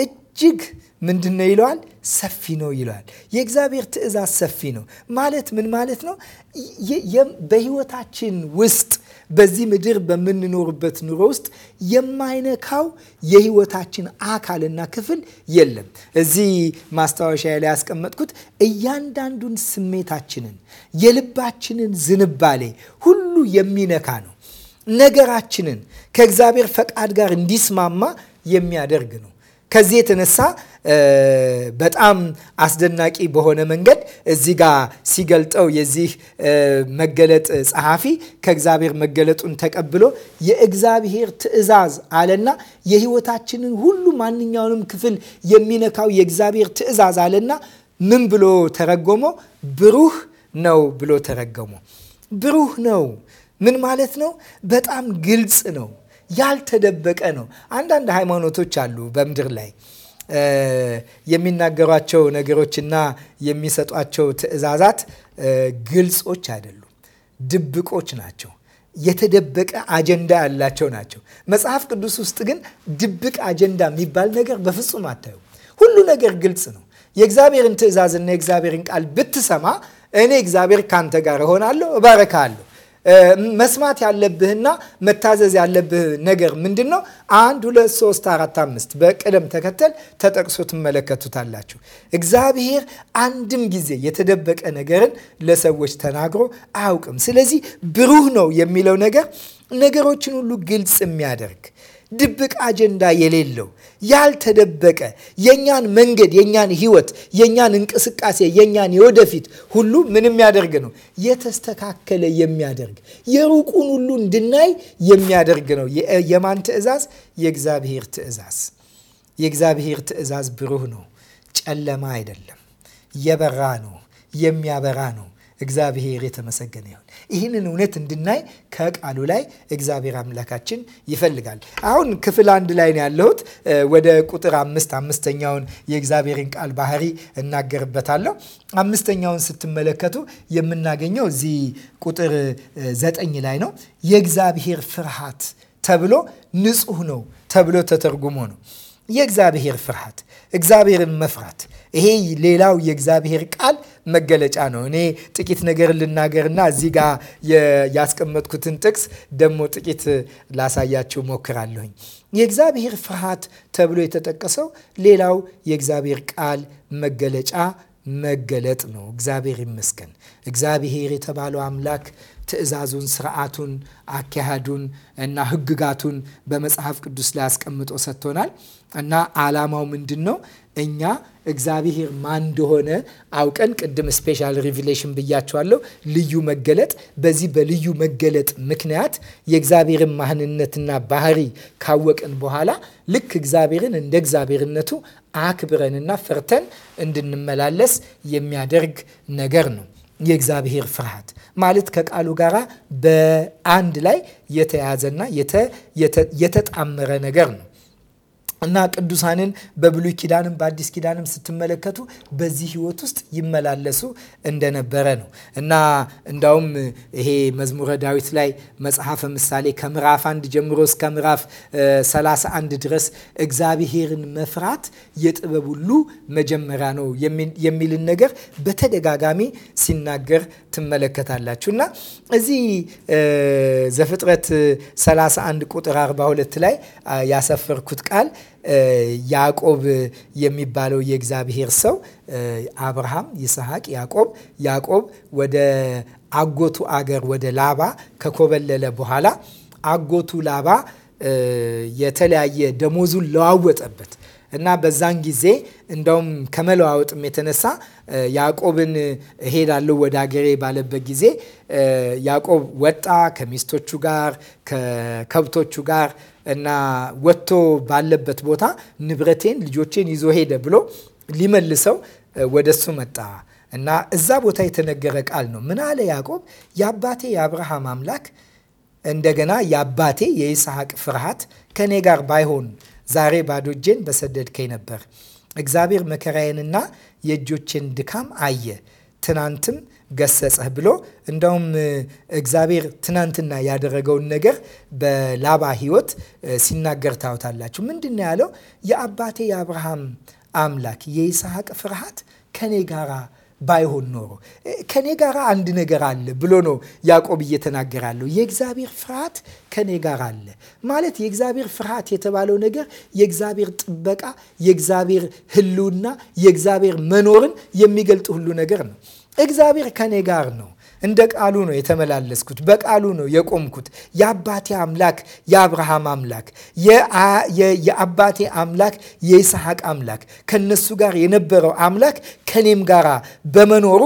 Speaker 1: እጅግ ምንድን ነው ይለዋል? ሰፊ ነው ይለዋል። የእግዚአብሔር ትእዛዝ ሰፊ ነው ማለት ምን ማለት ነው? በህይወታችን ውስጥ በዚህ ምድር በምንኖርበት ኑሮ ውስጥ የማይነካው የህይወታችን አካልና ክፍል የለም። እዚህ ማስታወሻ ላይ ያስቀመጥኩት እያንዳንዱን ስሜታችንን፣ የልባችንን ዝንባሌ ሁሉ የሚነካ ነው። ነገራችንን ከእግዚአብሔር ፈቃድ ጋር እንዲስማማ የሚያደርግ ነው። ከዚህ የተነሳ በጣም አስደናቂ በሆነ መንገድ እዚህ ጋር ሲገልጠው የዚህ መገለጥ ጸሐፊ ከእግዚአብሔር መገለጡን ተቀብሎ የእግዚአብሔር ትእዛዝ አለና የሕይወታችንን ሁሉ ማንኛውንም ክፍል የሚነካው የእግዚአብሔር ትእዛዝ አለና ምን ብሎ ተረጎሞ ብሩህ ነው ብሎ ተረገሞ ብሩህ ነው ምን ማለት ነው? በጣም ግልጽ ነው፣ ያልተደበቀ ነው። አንዳንድ ሃይማኖቶች አሉ በምድር ላይ የሚናገሯቸው ነገሮችና የሚሰጧቸው ትዕዛዛት ግልጾች አይደሉም፣ ድብቆች ናቸው። የተደበቀ አጀንዳ ያላቸው ናቸው። መጽሐፍ ቅዱስ ውስጥ ግን ድብቅ አጀንዳ የሚባል ነገር በፍጹም አታዩ። ሁሉ ነገር ግልጽ ነው። የእግዚአብሔርን ትእዛዝና የእግዚአብሔርን ቃል ብትሰማ እኔ እግዚአብሔር ካንተ ጋር እሆናለሁ፣ እባረካለሁ መስማት ያለብህና መታዘዝ ያለብህ ነገር ምንድን ነው? አንድ ሁለት ሶስት አራት አምስት በቅደም ተከተል ተጠቅሶ ትመለከቱታላችሁ። እግዚአብሔር አንድም ጊዜ የተደበቀ ነገርን ለሰዎች ተናግሮ አያውቅም። ስለዚህ ብሩህ ነው የሚለው ነገር ነገሮችን ሁሉ ግልጽ የሚያደርግ ድብቅ አጀንዳ የሌለው ያልተደበቀ የእኛን መንገድ የእኛን ህይወት የእኛን እንቅስቃሴ የእኛን የወደፊት ሁሉ ምን የሚያደርግ ነው? የተስተካከለ የሚያደርግ የሩቁን ሁሉ እንድናይ የሚያደርግ ነው። የማን ትእዛዝ? የእግዚአብሔር ትእዛዝ። የእግዚአብሔር ትእዛዝ ብሩህ ነው፣ ጨለማ አይደለም፣ የበራ ነው፣ የሚያበራ ነው እግዚአብሔር የተመሰገነ ይሁን። ይህንን እውነት እንድናይ ከቃሉ ላይ እግዚአብሔር አምላካችን ይፈልጋል። አሁን ክፍል አንድ ላይ ነው ያለሁት። ወደ ቁጥር አምስት አምስተኛውን የእግዚአብሔርን ቃል ባህሪ እናገርበታለሁ። አምስተኛውን ስትመለከቱ የምናገኘው እዚህ ቁጥር ዘጠኝ ላይ ነው። የእግዚአብሔር ፍርሃት ተብሎ ንጹህ ነው ተብሎ ተተርጉሞ ነው። የእግዚአብሔር ፍርሃት፣ እግዚአብሔርን መፍራት ይሄ ሌላው የእግዚአብሔር ቃል መገለጫ ነው። እኔ ጥቂት ነገር ልናገርና እዚህ ጋር ያስቀመጥኩትን ጥቅስ ደግሞ ጥቂት ላሳያችሁ ሞክራለሁኝ። የእግዚአብሔር ፍርሃት ተብሎ የተጠቀሰው ሌላው የእግዚአብሔር ቃል መገለጫ መገለጥ ነው። እግዚአብሔር ይመስገን። እግዚአብሔር የተባለው አምላክ ትእዛዙን፣ ስርዓቱን፣ አካሄዱን እና ህግጋቱን በመጽሐፍ ቅዱስ ላይ አስቀምጦ ሰጥቶናል እና ዓላማው ምንድን ነው? እኛ እግዚአብሔር ማን እንደሆነ አውቀን ቅድም ስፔሻል ሪቪሌሽን ብያቸዋለሁ። ልዩ መገለጥ። በዚህ በልዩ መገለጥ ምክንያት የእግዚአብሔርን ማንነትና ባህሪ ካወቅን በኋላ ልክ እግዚአብሔርን እንደ እግዚአብሔርነቱ አክብረንና ፈርተን እንድንመላለስ የሚያደርግ ነገር ነው። የእግዚአብሔር ፍርሃት ማለት ከቃሉ ጋር በአንድ ላይ የተያዘና የተጣመረ ነገር ነው። እና ቅዱሳንን በብሉይ ኪዳንም በአዲስ ኪዳንም ስትመለከቱ በዚህ ህይወት ውስጥ ይመላለሱ እንደነበረ ነው እና እንዳውም ይሄ መዝሙረ ዳዊት ላይ መጽሐፈ ምሳሌ ከምዕራፍ አንድ ጀምሮ እስከ ምዕራፍ 31 ድረስ እግዚአብሔርን መፍራት የጥበብ ሁሉ መጀመሪያ ነው የሚልን ነገር በተደጋጋሚ ሲናገር ትመለከታላችሁ እና እዚህ ዘፍጥረት 31 ቁጥር 42 ላይ ያሰፈርኩት ቃል ያዕቆብ የሚባለው የእግዚአብሔር ሰው አብርሃም፣ ይስሐቅ፣ ያዕቆብ ያዕቆብ ወደ አጎቱ አገር ወደ ላባ ከኮበለለ በኋላ አጎቱ ላባ የተለያየ ደሞዙን ለዋወጠበት እና በዛን ጊዜ እንደውም ከመለዋወጥም የተነሳ ያዕቆብን እሄዳለሁ ወደ አገሬ ባለበት ጊዜ ያዕቆብ ወጣ ከሚስቶቹ ጋር ከከብቶቹ ጋር እና ወጥቶ ባለበት ቦታ ንብረቴን፣ ልጆቼን ይዞ ሄደ ብሎ ሊመልሰው ወደሱ መጣ እና እዛ ቦታ የተነገረ ቃል ነው። ምን አለ ያዕቆብ? የአባቴ የአብርሃም አምላክ እንደገና የአባቴ የይስሐቅ ፍርሃት ከእኔ ጋር ባይሆን ዛሬ ባዶ እጄን በሰደድከኝ ነበር። እግዚአብሔር መከራዬንና የእጆቼን ድካም አየ፣ ትናንትም ገሰጸህ ብሎ እንደውም እግዚአብሔር ትናንትና ያደረገውን ነገር በላባ ሕይወት ሲናገር ታወታላችሁ። ምንድን ነው ያለው? የአባቴ የአብርሃም አምላክ የይስሐቅ ፍርሃት ከኔ ጋራ ባይሆን ኖሮ ከኔ ጋር አንድ ነገር አለ ብሎ ነው ያዕቆብ እየተናገረ ያለው። የእግዚአብሔር ፍርሃት ከኔ ጋር አለ ማለት የእግዚአብሔር ፍርሃት የተባለው ነገር የእግዚአብሔር ጥበቃ፣ የእግዚአብሔር ሕልውና፣ የእግዚአብሔር መኖርን የሚገልጥ ሁሉ ነገር ነው። እግዚአብሔር ከኔ ጋር ነው እንደ ቃሉ ነው የተመላለስኩት፣ በቃሉ ነው የቆምኩት። የአባቴ አምላክ የአብርሃም አምላክ፣ የአባቴ አምላክ የይስሐቅ አምላክ፣ ከነሱ ጋር የነበረው አምላክ ከኔም ጋር በመኖሩ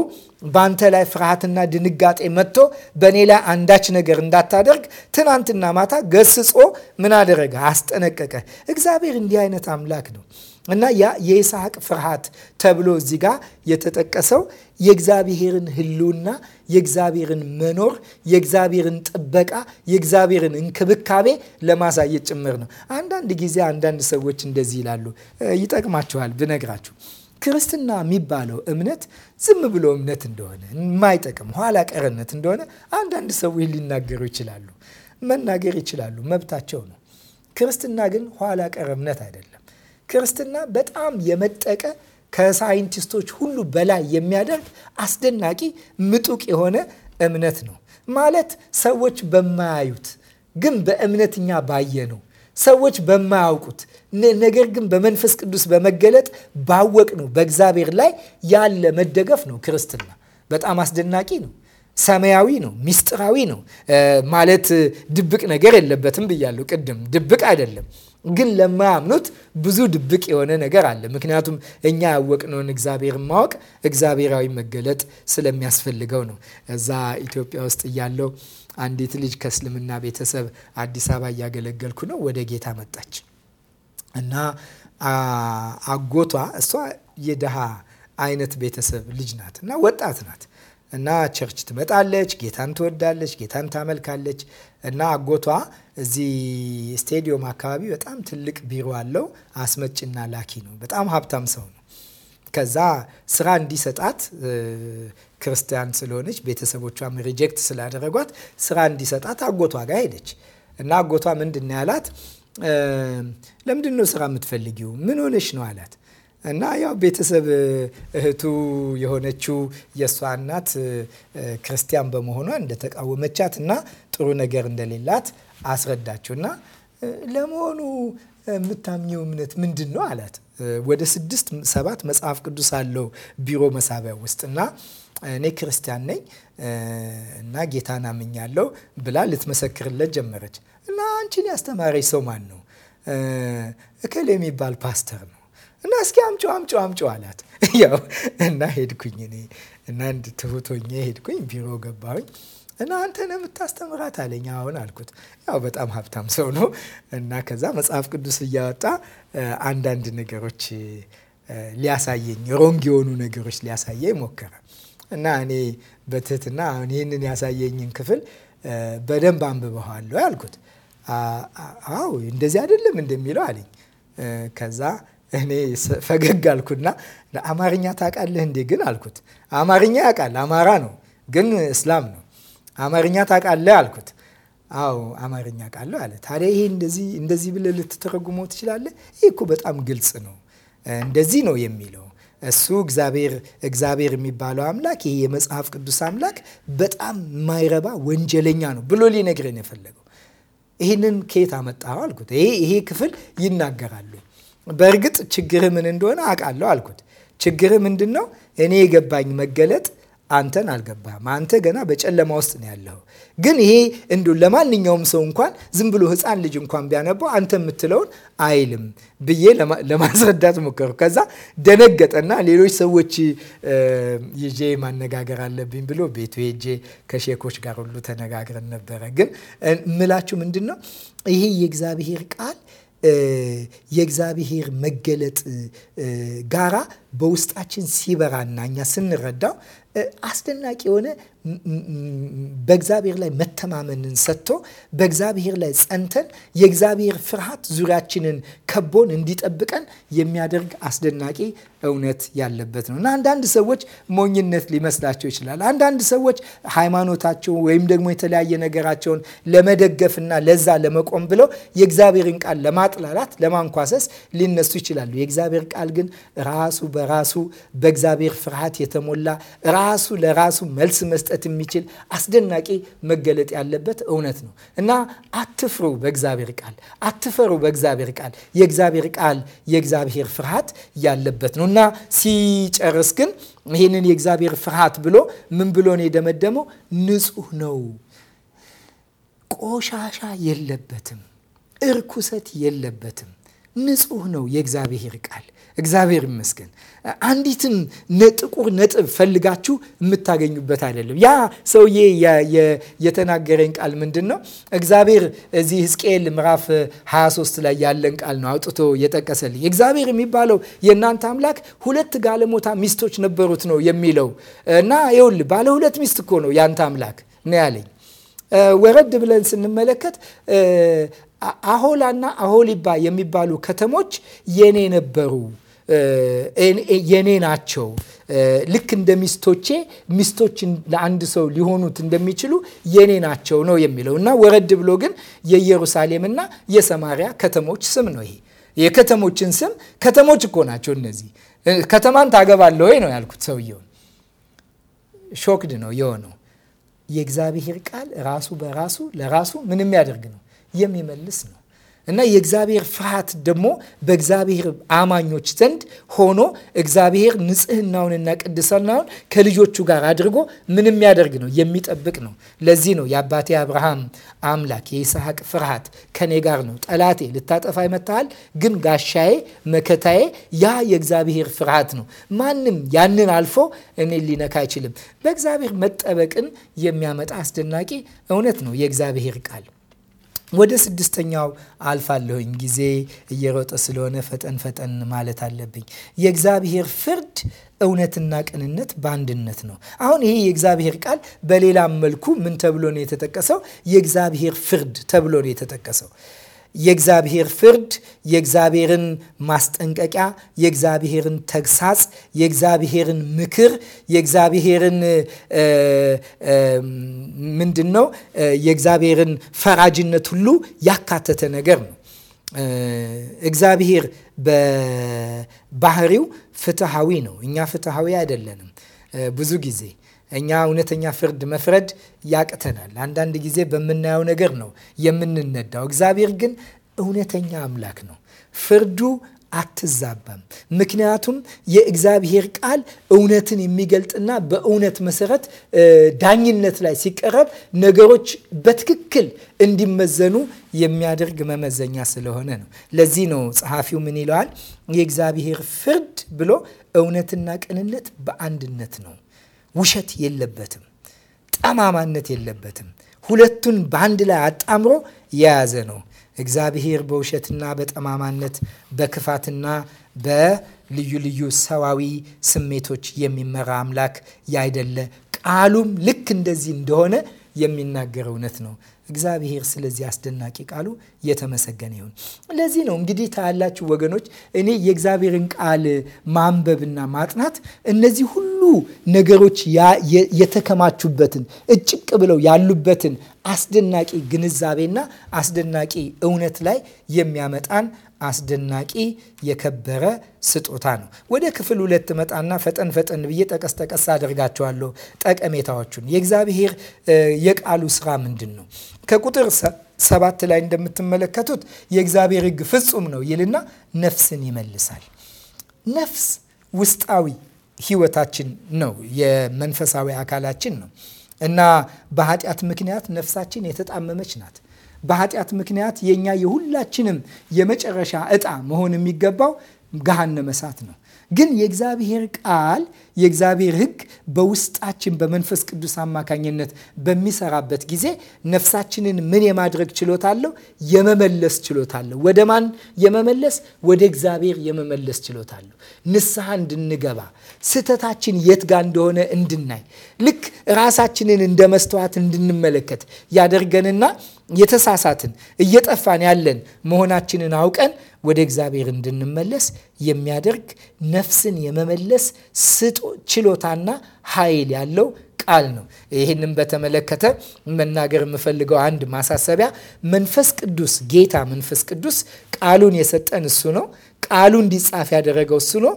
Speaker 1: በአንተ ላይ ፍርሃትና ድንጋጤ መጥቶ በእኔ ላይ አንዳች ነገር እንዳታደርግ ትናንትና ማታ ገስጾ ምን አደረገ? አስጠነቀቀ። እግዚአብሔር እንዲህ አይነት አምላክ ነው እና ያ የይስሐቅ ፍርሃት ተብሎ እዚህ ጋር የተጠቀሰው የእግዚአብሔርን ህልውና የእግዚአብሔርን መኖር፣ የእግዚአብሔርን ጥበቃ፣ የእግዚአብሔርን እንክብካቤ ለማሳየት ጭምር ነው። አንዳንድ ጊዜ አንዳንድ ሰዎች እንደዚህ ይላሉ። ይጠቅማችኋል ብነግራችሁ ክርስትና የሚባለው እምነት ዝም ብሎ እምነት እንደሆነ የማይጠቅም ኋላ ቀርነት እንደሆነ አንዳንድ ሰዎች ሊናገሩ ይችላሉ፣ መናገር ይችላሉ፣ መብታቸው ነው። ክርስትና ግን ኋላ ቀር እምነት አይደለም። ክርስትና በጣም የመጠቀ ከሳይንቲስቶች ሁሉ በላይ የሚያደርግ አስደናቂ ምጡቅ የሆነ እምነት ነው። ማለት ሰዎች በማያዩት ግን በእምነትኛ ባየ ነው ሰዎች በማያውቁት ነገር ግን በመንፈስ ቅዱስ በመገለጥ ባወቅ ነው በእግዚአብሔር ላይ ያለ መደገፍ ነው። ክርስትና በጣም አስደናቂ ነው። ሰማያዊ ነው። ሚስጥራዊ ነው። ማለት ድብቅ ነገር የለበትም ብያለሁ ቅድም። ድብቅ አይደለም። ግን ለማያምኑት ብዙ ድብቅ የሆነ ነገር አለ። ምክንያቱም እኛ ያወቅነውን እግዚአብሔር ማወቅ እግዚአብሔራዊ መገለጥ ስለሚያስፈልገው ነው። እዛ ኢትዮጵያ ውስጥ እያለው አንዲት ልጅ ከእስልምና ቤተሰብ አዲስ አበባ እያገለገልኩ ነው፣ ወደ ጌታ መጣች እና አጎቷ እሷ የድሃ አይነት ቤተሰብ ልጅ ናት እና ወጣት ናት እና ቸርች ትመጣለች፣ ጌታን ትወዳለች፣ ጌታን ታመልካለች እና አጎቷ እዚህ ስቴዲዮም አካባቢ በጣም ትልቅ ቢሮ አለው። አስመጭና ላኪ ነው። በጣም ሀብታም ሰው ነው። ከዛ ስራ እንዲሰጣት ክርስቲያን ስለሆነች ቤተሰቦቿም ሪጀክት ስላደረጓት ስራ እንዲሰጣት አጎቷ ጋር ሄደች እና አጎቷ ምንድን ያላት? ለምንድን ነው ስራ የምትፈልጊው? ምን ሆነሽ ነው አላት። እና ያው ቤተሰብ እህቱ የሆነችው የእሷ እናት ክርስቲያን በመሆኗ እንደተቃወመቻት እና ጥሩ ነገር እንደሌላት አስረዳችው እና ለመሆኑ የምታምኘው እምነት ምንድን ነው አላት። ወደ ስድስት ሰባት መጽሐፍ ቅዱስ አለው ቢሮ መሳቢያ ውስጥ እና እኔ ክርስቲያን ነኝ እና ጌታን አምኛለሁ ብላ ልትመሰክርለት ጀመረች እና አንቺን ያስተማረች ሰው ማን ነው? እከሌ የሚባል ፓስተር ነው እና እስኪ አምጮ አምጮ አምጮ አላት። ያው እና ሄድኩኝ እኔ እና አንድ ትሁቶኜ ሄድኩኝ ቢሮ ገባሁኝ እና አንተ ነው የምታስተምራት አለኝ። አሁን አልኩት። ያው በጣም ሀብታም ሰው ነው እና ከዛ መጽሐፍ ቅዱስ እያወጣ አንዳንድ ነገሮች ሊያሳየኝ ሮንግ የሆኑ ነገሮች ሊያሳየኝ ሞከረ እና እኔ በትህትና አሁን ይህንን ያሳየኝን ክፍል በደንብ አንብበዋለሁ አልኩት። አዎ እንደዚህ አይደለም እንደሚለው አለኝ። ከዛ እኔ ፈገግ አልኩና አማርኛ ታውቃለህ እንዴ ግን አልኩት። አማርኛ ያውቃል፣ አማራ ነው ግን እስላም ነው። አማርኛ ታውቃለህ አልኩት። አዎ አማርኛ ቃለ አለ። ታዲያ ይሄ እንደዚህ እንደዚህ ብለህ ልትተረጉመው ትችላለህ? ይህ እኮ በጣም ግልጽ ነው። እንደዚህ ነው የሚለው እሱ እግዚአብሔር እግዚአብሔር የሚባለው አምላክ ይሄ የመጽሐፍ ቅዱስ አምላክ በጣም ማይረባ ወንጀለኛ ነው ብሎ ሊነግረን የፈለገው ይህንን ከየት አመጣኸው አልኩት። ይሄ ክፍል ይናገራሉ በእርግጥ ችግር ምን እንደሆነ አውቃለሁ አልኩት። ችግር ምንድን ነው? እኔ የገባኝ መገለጥ አንተን አልገባም አንተ ገና በጨለማ ውስጥ ነው ያለው። ግን ይሄ እንዲ ለማንኛውም ሰው እንኳን ዝም ብሎ ሕፃን ልጅ እንኳን ቢያነባው አንተ የምትለውን አይልም ብዬ ለማስረዳት ሞከሩ። ከዛ ደነገጠና ሌሎች ሰዎች ይዤ ማነጋገር አለብኝ ብሎ ቤቱ ሄጄ ከሼኮች ጋር ሁሉ ተነጋግረን ነበረ። ግን ምላችሁ ምንድን ነው ይሄ የእግዚአብሔር ቃል የእግዚአብሔር መገለጥ ጋራ በውስጣችን ሲበራና እኛ ስንረዳው አስደናቂ የሆነ በእግዚአብሔር ላይ መተማመንን ሰጥቶ በእግዚአብሔር ላይ ጸንተን የእግዚአብሔር ፍርሃት ዙሪያችንን ከቦን እንዲጠብቀን የሚያደርግ አስደናቂ እውነት ያለበት ነው እና አንዳንድ ሰዎች ሞኝነት ሊመስላቸው ይችላል። አንዳንድ ሰዎች ሃይማኖታቸውን ወይም ደግሞ የተለያየ ነገራቸውን ለመደገፍና ለዛ ለመቆም ብለው የእግዚአብሔርን ቃል ለማጥላላት፣ ለማንኳሰስ ሊነሱ ይችላሉ። የእግዚአብሔር ቃል ግን ራሱ በራሱ በእግዚአብሔር ፍርሃት የተሞላ ራሱ ለራሱ መልስ መስጠት የሚችል አስደናቂ መገለጥ ያለበት እውነት ነው እና አትፍሩ በእግዚአብሔር ቃል አትፈሩ በእግዚአብሔር ቃል የእግዚአብሔር ቃል የእግዚአብሔር ፍርሃት ያለበት ነው እና ሲጨርስ ግን ይህንን የእግዚአብሔር ፍርሃት ብሎ ምን ብሎ ነው የደመደመው? ንጹህ ነው፣ ቆሻሻ የለበትም፣ እርኩሰት የለበትም። ንጹህ ነው የእግዚአብሔር ቃል እግዚአብሔር ይመስገን። አንዲትን ጥቁር ነጥብ ፈልጋችሁ የምታገኙበት አይደለም። ያ ሰውዬ የተናገረኝ ቃል ምንድን ነው? እግዚአብሔር እዚህ ህዝቅኤል ምዕራፍ 23 ላይ ያለን ቃል ነው አውጥቶ የጠቀሰልኝ። እግዚአብሔር የሚባለው የእናንተ አምላክ ሁለት ጋለሞታ ሚስቶች ነበሩት ነው የሚለው እና ይውል ባለ ሁለት ሚስት እኮ ነው ያንተ አምላክ ነው ያለኝ። ወረድ ብለን ስንመለከት አሆላና አሆሊባ የሚባሉ ከተሞች የኔ ነበሩ የኔ ናቸው ልክ እንደ ሚስቶቼ ሚስቶች ለአንድ ሰው ሊሆኑት እንደሚችሉ የኔ ናቸው ነው የሚለው እና ወረድ ብሎ ግን የኢየሩሳሌምና የሰማሪያ ከተሞች ስም ነው ይሄ። የከተሞችን ስም ከተሞች እኮ ናቸው እነዚህ። ከተማን ታገባለ ወይ ነው ያልኩት። ሰውየው ሾክድ ነው የሆነው። የእግዚአብሔር ቃል ራሱ በራሱ ለራሱ ምንም ያደርግ ነው የሚመልስ ነው እና የእግዚአብሔር ፍርሃት ደግሞ በእግዚአብሔር አማኞች ዘንድ ሆኖ እግዚአብሔር ንጽህናውንና ቅድስናውን ከልጆቹ ጋር አድርጎ ምን የሚያደርግ ነው የሚጠብቅ ነው። ለዚህ ነው የአባቴ አብርሃም አምላክ የይስሐቅ ፍርሃት ከኔ ጋር ነው። ጠላቴ ልታጠፋ ይመታሃል፣ ግን ጋሻዬ፣ መከታዬ ያ የእግዚአብሔር ፍርሃት ነው። ማንም ያንን አልፎ እኔ ሊነካ አይችልም። በእግዚአብሔር መጠበቅን የሚያመጣ አስደናቂ እውነት ነው የእግዚአብሔር ቃል ወደ ስድስተኛው አልፋለሁኝ። ጊዜ እየሮጠ ስለሆነ ፈጠን ፈጠን ማለት አለብኝ። የእግዚአብሔር ፍርድ እውነትና ቅንነት በአንድነት ነው። አሁን ይሄ የእግዚአብሔር ቃል በሌላም መልኩ ምን ተብሎ ነው የተጠቀሰው? የእግዚአብሔር ፍርድ ተብሎ ነው የተጠቀሰው። የእግዚአብሔር ፍርድ፣ የእግዚአብሔርን ማስጠንቀቂያ፣ የእግዚአብሔርን ተግሳጽ፣ የእግዚአብሔርን ምክር፣ የእግዚአብሔርን ምንድን ነው የእግዚአብሔርን ፈራጅነት ሁሉ ያካተተ ነገር ነው። እግዚአብሔር በባህሪው ፍትሐዊ ነው። እኛ ፍትሐዊ አይደለንም ብዙ ጊዜ እኛ እውነተኛ ፍርድ መፍረድ ያቅተናል። አንዳንድ ጊዜ በምናየው ነገር ነው የምንነዳው። እግዚአብሔር ግን እውነተኛ አምላክ ነው። ፍርዱ አትዛባም። ምክንያቱም የእግዚአብሔር ቃል እውነትን የሚገልጥና በእውነት መሰረት ዳኝነት ላይ ሲቀረብ ነገሮች በትክክል እንዲመዘኑ የሚያደርግ መመዘኛ ስለሆነ ነው። ለዚህ ነው ጸሐፊው ምን ይለዋል? የእግዚአብሔር ፍርድ ብሎ እውነትና ቅንነት በአንድነት ነው ውሸት የለበትም፣ ጠማማነት የለበትም። ሁለቱን በአንድ ላይ አጣምሮ የያዘ ነው። እግዚአብሔር በውሸትና በጠማማነት በክፋትና በልዩ ልዩ ሰዋዊ ስሜቶች የሚመራ አምላክ ያይደለ ቃሉም ልክ እንደዚህ እንደሆነ የሚናገር እውነት ነው። እግዚአብሔር ስለዚህ አስደናቂ ቃሉ የተመሰገነ ይሁን። ለዚህ ነው እንግዲህ ታያላችሁ ወገኖች፣ እኔ የእግዚአብሔርን ቃል ማንበብና ማጥናት እነዚህ ሁሉ ነገሮች የተከማቹበትን እጭቅ ብለው ያሉበትን አስደናቂ ግንዛቤና አስደናቂ እውነት ላይ የሚያመጣን አስደናቂ የከበረ ስጦታ ነው። ወደ ክፍል ሁለት መጣና ፈጠን ፈጠን ብዬ ጠቀስ ጠቀስ አደርጋቸዋለሁ ጠቀሜታዎቹን። የእግዚአብሔር የቃሉ ስራ ምንድን ነው? ከቁጥር ሰባት ላይ እንደምትመለከቱት የእግዚአብሔር ሕግ ፍጹም ነው ይልና ነፍስን ይመልሳል። ነፍስ ውስጣዊ ህይወታችን ነው፣ የመንፈሳዊ አካላችን ነው። እና በኃጢአት ምክንያት ነፍሳችን የተጣመመች ናት። በኃጢአት ምክንያት የእኛ የሁላችንም የመጨረሻ እጣ መሆን የሚገባው ገሃነመ እሳት ነው። ግን የእግዚአብሔር ቃል የእግዚአብሔር ሕግ በውስጣችን በመንፈስ ቅዱስ አማካኝነት በሚሰራበት ጊዜ ነፍሳችንን ምን የማድረግ ችሎታ አለው? የመመለስ ችሎታ አለው። ወደ ማን የመመለስ? ወደ እግዚአብሔር የመመለስ ችሎታ አለው። ንስሐ እንድንገባ ስህተታችን የት ጋር እንደሆነ እንድናይ ልክ ራሳችንን እንደ መስተዋት እንድንመለከት ያደርገንና የተሳሳትን እየጠፋን ያለን መሆናችንን አውቀን ወደ እግዚአብሔር እንድንመለስ የሚያደርግ ነፍስን የመመለስ ስጦ ችሎታና ኃይል ያለው ቃል ነው። ይህንም በተመለከተ መናገር የምፈልገው አንድ ማሳሰቢያ መንፈስ ቅዱስ ጌታ መንፈስ ቅዱስ ቃሉን የሰጠን እሱ ነው። ቃሉ እንዲጻፍ ያደረገው እሱ ነው።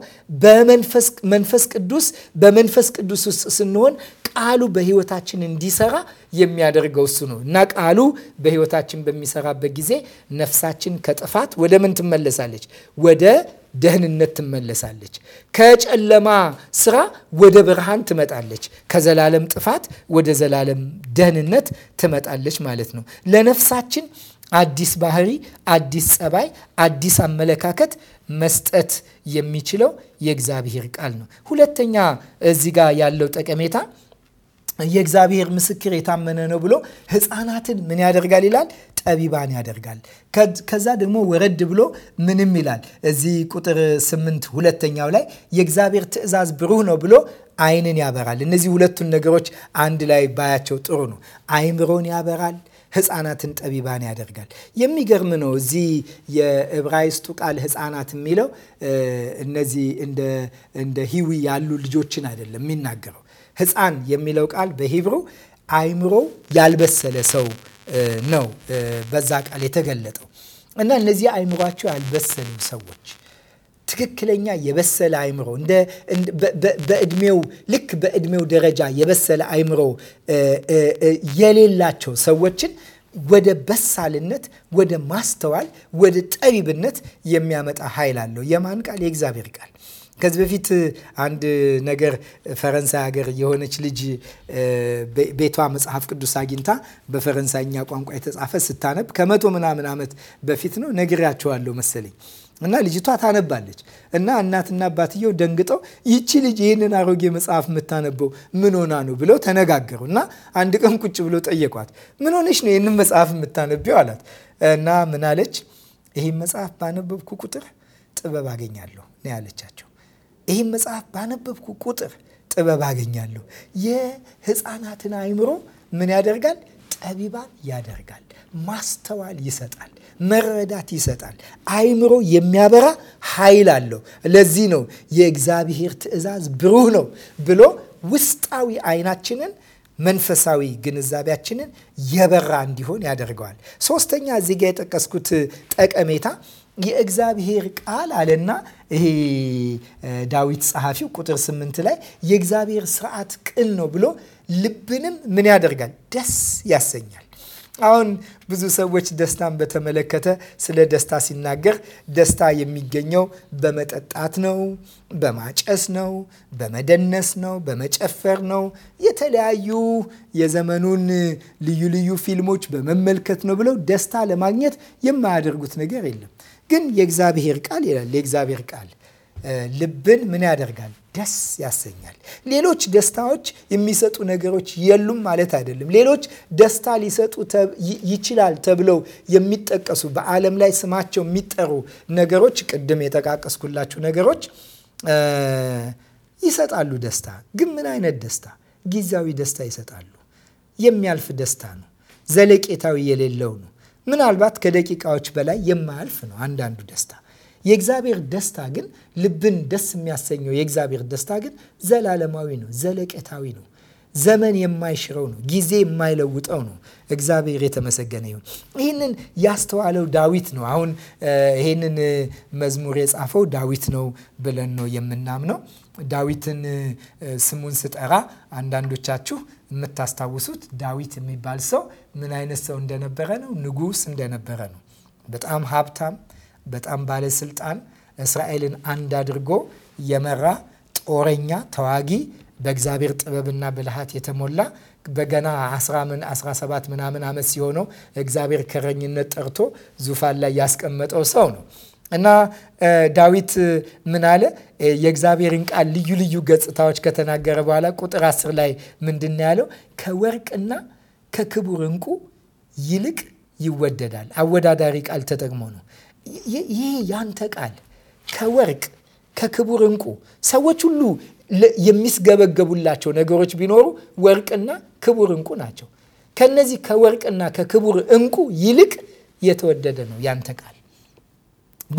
Speaker 1: በመንፈስ ቅዱስ በመንፈስ ቅዱስ ውስጥ ስንሆን ቃሉ በሕይወታችን እንዲሰራ የሚያደርገው እሱ ነው እና ቃሉ በሕይወታችን በሚሰራበት ጊዜ ነፍሳችን ከጥፋት ወደ ምን ትመለሳለች? ወደ ደህንነት ትመለሳለች። ከጨለማ ስራ ወደ ብርሃን ትመጣለች። ከዘላለም ጥፋት ወደ ዘላለም ደህንነት ትመጣለች ማለት ነው። ለነፍሳችን አዲስ ባህሪ፣ አዲስ ጸባይ፣ አዲስ አመለካከት መስጠት የሚችለው የእግዚአብሔር ቃል ነው። ሁለተኛ እዚህ ጋር ያለው ጠቀሜታ የእግዚአብሔር ምስክር የታመነ ነው ብሎ ህፃናትን ምን ያደርጋል ይላል? ጠቢባን ያደርጋል። ከዛ ደግሞ ወረድ ብሎ ምንም ይላል። እዚህ ቁጥር ስምንት ሁለተኛው ላይ የእግዚአብሔር ትእዛዝ ብሩህ ነው ብሎ አይንን ያበራል። እነዚህ ሁለቱን ነገሮች አንድ ላይ ባያቸው ጥሩ ነው። አይምሮን ያበራል። ህፃናትን ጠቢባን ያደርጋል። የሚገርም ነው። እዚህ የዕብራይስጡ ቃል ህፃናት የሚለው እነዚህ እንደ ሂዊ ያሉ ልጆችን አይደለም የሚናገረው ህፃን የሚለው ቃል በሂብሩ አይምሮ ያልበሰለ ሰው ነው በዛ ቃል የተገለጠው እና እነዚህ አይምሯቸው ያልበሰሉ ሰዎች ትክክለኛ የበሰለ አይምሮ እንደ በእድሜው ልክ በእድሜው ደረጃ የበሰለ አይምሮ የሌላቸው ሰዎችን ወደ በሳልነት፣ ወደ ማስተዋል፣ ወደ ጠቢብነት የሚያመጣ ኃይል አለው። የማን ቃል? የእግዚአብሔር ቃል። ከዚህ በፊት አንድ ነገር ፈረንሳይ ሀገር የሆነች ልጅ ቤቷ መጽሐፍ ቅዱስ አግኝታ በፈረንሳይኛ ቋንቋ የተጻፈ ስታነብ ከመቶ ምናምን ዓመት በፊት ነው ነግሬያቸዋለሁ መሰለኝ። እና ልጅቷ ታነባለች እና እናትና አባትየው ደንግጠው ይቺ ልጅ ይህንን አሮጌ መጽሐፍ የምታነበው ምን ሆና ነው ብለው ተነጋገሩ። እና አንድ ቀን ቁጭ ብሎ ጠየቋት፣ ምን ሆነች ነው ይህንን መጽሐፍ የምታነቢው አላት። እና ምን አለች? ይህን መጽሐፍ ባነበብኩ ቁጥር ጥበብ አገኛለሁ ነው ያለቻቸው። ይህም መጽሐፍ ባነበብኩ ቁጥር ጥበብ አገኛለሁ። የህፃናትን አይምሮ ምን ያደርጋል? ጠቢባን ያደርጋል። ማስተዋል ይሰጣል። መረዳት ይሰጣል። አይምሮ የሚያበራ ኃይል አለው። ለዚህ ነው የእግዚአብሔር ትእዛዝ ብሩህ ነው ብሎ ውስጣዊ አይናችንን መንፈሳዊ ግንዛቤያችንን የበራ እንዲሆን ያደርገዋል። ሶስተኛ እዚህ ጋ የጠቀስኩት ጠቀሜታ የእግዚአብሔር ቃል አለና ይሄ ዳዊት ጸሐፊው ቁጥር ስምንት ላይ የእግዚአብሔር ስርዓት ቅን ነው ብሎ ልብንም ምን ያደርጋል? ደስ ያሰኛል። አሁን ብዙ ሰዎች ደስታን በተመለከተ ስለ ደስታ ሲናገር ደስታ የሚገኘው በመጠጣት ነው፣ በማጨስ ነው፣ በመደነስ ነው፣ በመጨፈር ነው፣ የተለያዩ የዘመኑን ልዩ ልዩ ፊልሞች በመመልከት ነው ብለው ደስታ ለማግኘት የማያደርጉት ነገር የለም። ግን የእግዚአብሔር ቃል ይላል የእግዚአብሔር ቃል ልብን ምን ያደርጋል? ደስ ያሰኛል። ሌሎች ደስታዎች የሚሰጡ ነገሮች የሉም ማለት አይደለም። ሌሎች ደስታ ሊሰጡ ይችላል ተብለው የሚጠቀሱ በዓለም ላይ ስማቸው የሚጠሩ ነገሮች ቅድም የጠቃቀስኩላችሁ ነገሮች ይሰጣሉ ደስታ። ግን ምን አይነት ደስታ? ጊዜያዊ ደስታ ይሰጣሉ። የሚያልፍ ደስታ ነው። ዘለቄታዊ የሌለው ነው። ምናልባት ከደቂቃዎች በላይ የማያልፍ ነው አንዳንዱ ደስታ። የእግዚአብሔር ደስታ ግን ልብን ደስ የሚያሰኘው የእግዚአብሔር ደስታ ግን ዘላለማዊ ነው፣ ዘለቀታዊ ነው፣ ዘመን የማይሽረው ነው፣ ጊዜ የማይለውጠው ነው። እግዚአብሔር የተመሰገነ ይሁን። ይህንን ያስተዋለው ዳዊት ነው። አሁን ይህንን መዝሙር የጻፈው ዳዊት ነው ብለን ነው የምናምነው። ዳዊትን ስሙን ስጠራ አንዳንዶቻችሁ የምታስታውሱት ዳዊት የሚባል ሰው ምን አይነት ሰው እንደነበረ ነው። ንጉስ እንደነበረ ነው። በጣም ሀብታም፣ በጣም ባለስልጣን፣ እስራኤልን አንድ አድርጎ የመራ ጦረኛ፣ ተዋጊ፣ በእግዚአብሔር ጥበብና ብልሃት የተሞላ በገና 17 ምናምን ዓመት ሲሆነው እግዚአብሔር ከረኝነት ጠርቶ ዙፋን ላይ ያስቀመጠው ሰው ነው። እና ዳዊት ምን አለ? የእግዚአብሔርን ቃል ልዩ ልዩ ገጽታዎች ከተናገረ በኋላ ቁጥር አስር ላይ ምንድን ያለው? ከወርቅና ከክቡር እንቁ ይልቅ ይወደዳል። አወዳዳሪ ቃል ተጠቅሞ ነው። ይህ ያንተ ቃል ከወርቅ ከክቡር እንቁ ሰዎች ሁሉ የሚስገበገቡላቸው ነገሮች ቢኖሩ ወርቅና ክቡር እንቁ ናቸው። ከነዚህ ከወርቅና ከክቡር እንቁ ይልቅ የተወደደ ነው ያንተ ቃል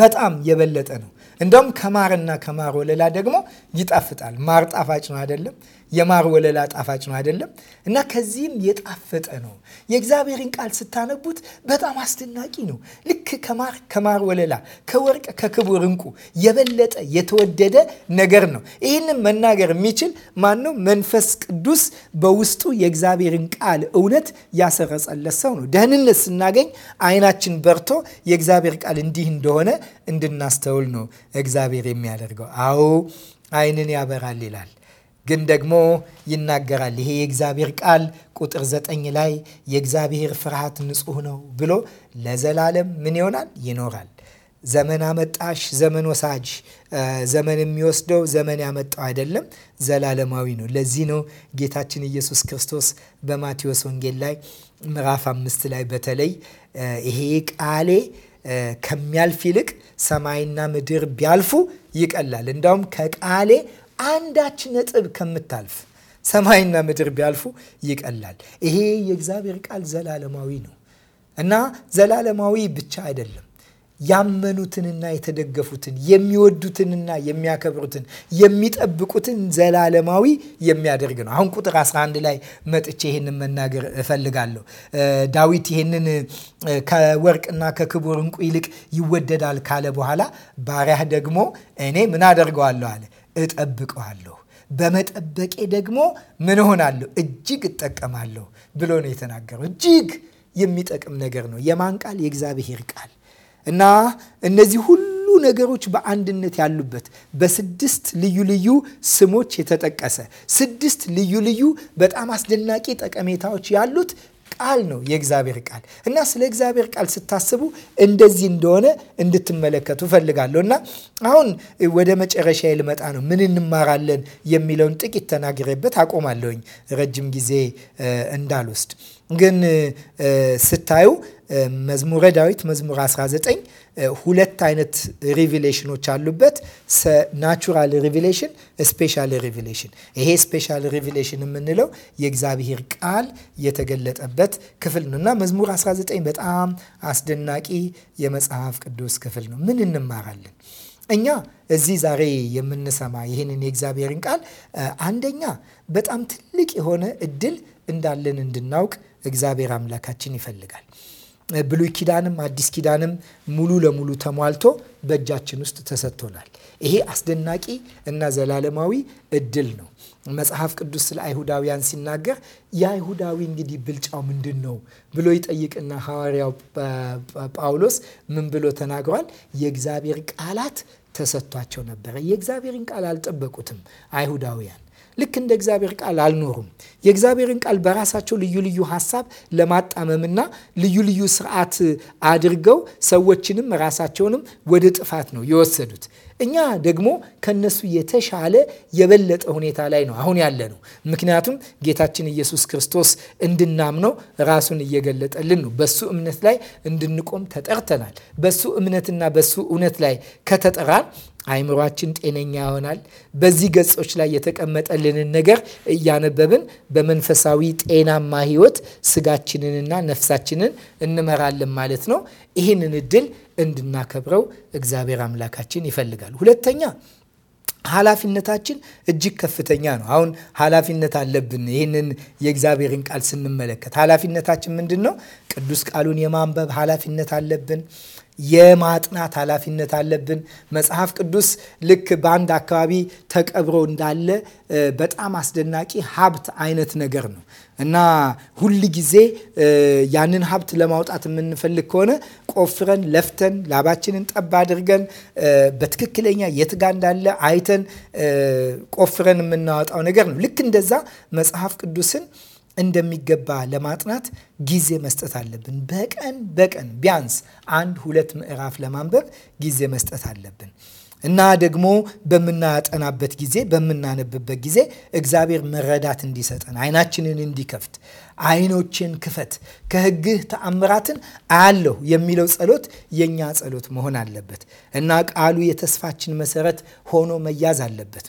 Speaker 1: በጣም የበለጠ ነው። እንደውም ከማርና ከማር ወለላ ደግሞ ይጣፍጣል። ማር ጣፋጭ ነው አይደለም? የማር ወለላ ጣፋጭ ነው አይደለም? እና ከዚህም የጣፈጠ ነው። የእግዚአብሔርን ቃል ስታነቡት በጣም አስደናቂ ነው። ልክ ከማር ከማር ወለላ ከወርቅ ከክቡር እንቁ የበለጠ የተወደደ ነገር ነው። ይህንም መናገር የሚችል ማነው? መንፈስ ቅዱስ በውስጡ የእግዚአብሔርን ቃል እውነት ያሰረጸለት ሰው ነው። ደህንነት ስናገኝ አይናችን በርቶ የእግዚአብሔር ቃል እንዲህ እንደሆነ እንድናስተውል ነው እግዚአብሔር የሚያደርገው። አዎ አይንን ያበራል ይላል ግን ደግሞ ይናገራል። ይሄ የእግዚአብሔር ቃል ቁጥር ዘጠኝ ላይ የእግዚአብሔር ፍርሃት ንጹህ ነው ብሎ ለዘላለም ምን ይሆናል? ይኖራል። ዘመን አመጣሽ፣ ዘመን ወሳጅ፣ ዘመን የሚወስደው ዘመን ያመጣው አይደለም፣ ዘላለማዊ ነው። ለዚህ ነው ጌታችን ኢየሱስ ክርስቶስ በማቴዎስ ወንጌል ላይ ምዕራፍ አምስት ላይ በተለይ ይሄ ቃሌ ከሚያልፍ ይልቅ ሰማይና ምድር ቢያልፉ ይቀላል፣ እንዳውም ከቃሌ አንዳች ነጥብ ከምታልፍ ሰማይና ምድር ቢያልፉ ይቀላል። ይሄ የእግዚአብሔር ቃል ዘላለማዊ ነው እና ዘላለማዊ ብቻ አይደለም ያመኑትንና የተደገፉትን የሚወዱትንና የሚያከብሩትን የሚጠብቁትን ዘላለማዊ የሚያደርግ ነው። አሁን ቁጥር 11 ላይ መጥቼ ይህንን መናገር እፈልጋለሁ። ዳዊት ይህንን ከወርቅና ከክቡር እንቁ ይልቅ ይወደዳል ካለ በኋላ ባሪያህ ደግሞ እኔ ምን አደርገዋለሁ አለ። እጠብቀዋለሁ በመጠበቄ ደግሞ ምን ሆናለሁ? እጅግ እጠቀማለሁ ብሎ ነው የተናገረው። እጅግ የሚጠቅም ነገር ነው። የማን ቃል? የእግዚአብሔር ቃል እና እነዚህ ሁሉ ነገሮች በአንድነት ያሉበት በስድስት ልዩ ልዩ ስሞች የተጠቀሰ ስድስት ልዩ ልዩ በጣም አስደናቂ ጠቀሜታዎች ያሉት ቃል ነው የእግዚአብሔር ቃል እና ስለ እግዚአብሔር ቃል ስታስቡ እንደዚህ እንደሆነ እንድትመለከቱ ፈልጋለሁ። እና አሁን ወደ መጨረሻ ልመጣ ነው። ምን እንማራለን የሚለውን ጥቂት ተናግሬበት አቆማለሁኝ ረጅም ጊዜ እንዳልወስድ። ግን ስታዩ መዝሙረ ዳዊት መዝሙር 19 ሁለት አይነት ሪቪሌሽኖች አሉበት። ናቹራል ሪቪሌሽን፣ ስፔሻል ሪቪሌሽን። ይሄ ስፔሻል ሪቪሌሽን የምንለው የእግዚአብሔር ቃል የተገለጠበት ክፍል ነው እና መዝሙር 19 በጣም አስደናቂ የመጽሐፍ ቅዱስ ክፍል ነው። ምን እንማራለን? እኛ እዚህ ዛሬ የምንሰማ ይህንን የእግዚአብሔርን ቃል አንደኛ በጣም ትልቅ የሆነ እድል እንዳለን እንድናውቅ እግዚአብሔር አምላካችን ይፈልጋል። ብሉይ ኪዳንም አዲስ ኪዳንም ሙሉ ለሙሉ ተሟልቶ በእጃችን ውስጥ ተሰጥቶናል። ይሄ አስደናቂ እና ዘላለማዊ እድል ነው። መጽሐፍ ቅዱስ ስለ አይሁዳውያን ሲናገር የአይሁዳዊ እንግዲህ ብልጫው ምንድን ነው ብሎ ይጠይቅና ሐዋርያው ጳውሎስ ምን ብሎ ተናግሯል? የእግዚአብሔር ቃላት ተሰጥቷቸው ነበረ። የእግዚአብሔርን ቃል አልጠበቁትም አይሁዳውያን ልክ እንደ እግዚአብሔር ቃል አልኖሩም። የእግዚአብሔርን ቃል በራሳቸው ልዩ ልዩ ሀሳብ ለማጣመምና ልዩ ልዩ ስርዓት አድርገው ሰዎችንም ራሳቸውንም ወደ ጥፋት ነው የወሰዱት። እኛ ደግሞ ከነሱ የተሻለ የበለጠ ሁኔታ ላይ ነው አሁን ያለ ነው። ምክንያቱም ጌታችን ኢየሱስ ክርስቶስ እንድናምነው ራሱን እየገለጠልን ነው። በሱ እምነት ላይ እንድንቆም ተጠርተናል። በሱ እምነትና በሱ እውነት ላይ ከተጠራን አይምሯችን ጤነኛ ይሆናል። በዚህ ገጾች ላይ የተቀመጠልንን ነገር እያነበብን በመንፈሳዊ ጤናማ ህይወት ስጋችንንና ነፍሳችንን እንመራለን ማለት ነው። ይህንን እድል እንድናከብረው እግዚአብሔር አምላካችን ይፈልጋል። ሁለተኛ ኃላፊነታችን እጅግ ከፍተኛ ነው። አሁን ኃላፊነት አለብን። ይህንን የእግዚአብሔርን ቃል ስንመለከት ኃላፊነታችን ምንድን ነው? ቅዱስ ቃሉን የማንበብ ኃላፊነት አለብን። የማጥናት ኃላፊነት አለብን። መጽሐፍ ቅዱስ ልክ በአንድ አካባቢ ተቀብሮ እንዳለ በጣም አስደናቂ ሀብት አይነት ነገር ነው እና ሁል ጊዜ ያንን ሀብት ለማውጣት የምንፈልግ ከሆነ ቆፍረን ለፍተን ላባችንን ጠብ አድርገን በትክክለኛ የትጋ እንዳለ አይተን ቆፍረን የምናወጣው ነገር ነው። ልክ እንደዛ መጽሐፍ ቅዱስን እንደሚገባ ለማጥናት ጊዜ መስጠት አለብን። በቀን በቀን ቢያንስ አንድ ሁለት ምዕራፍ ለማንበብ ጊዜ መስጠት አለብን እና ደግሞ በምናጠናበት ጊዜ በምናነብበት ጊዜ እግዚአብሔር መረዳት እንዲሰጠን አይናችንን እንዲከፍት አይኖችን ክፈት ከሕግህ ተአምራትን አያለሁ የሚለው ጸሎት የእኛ ጸሎት መሆን አለበት እና ቃሉ የተስፋችን መሰረት ሆኖ መያዝ አለበት።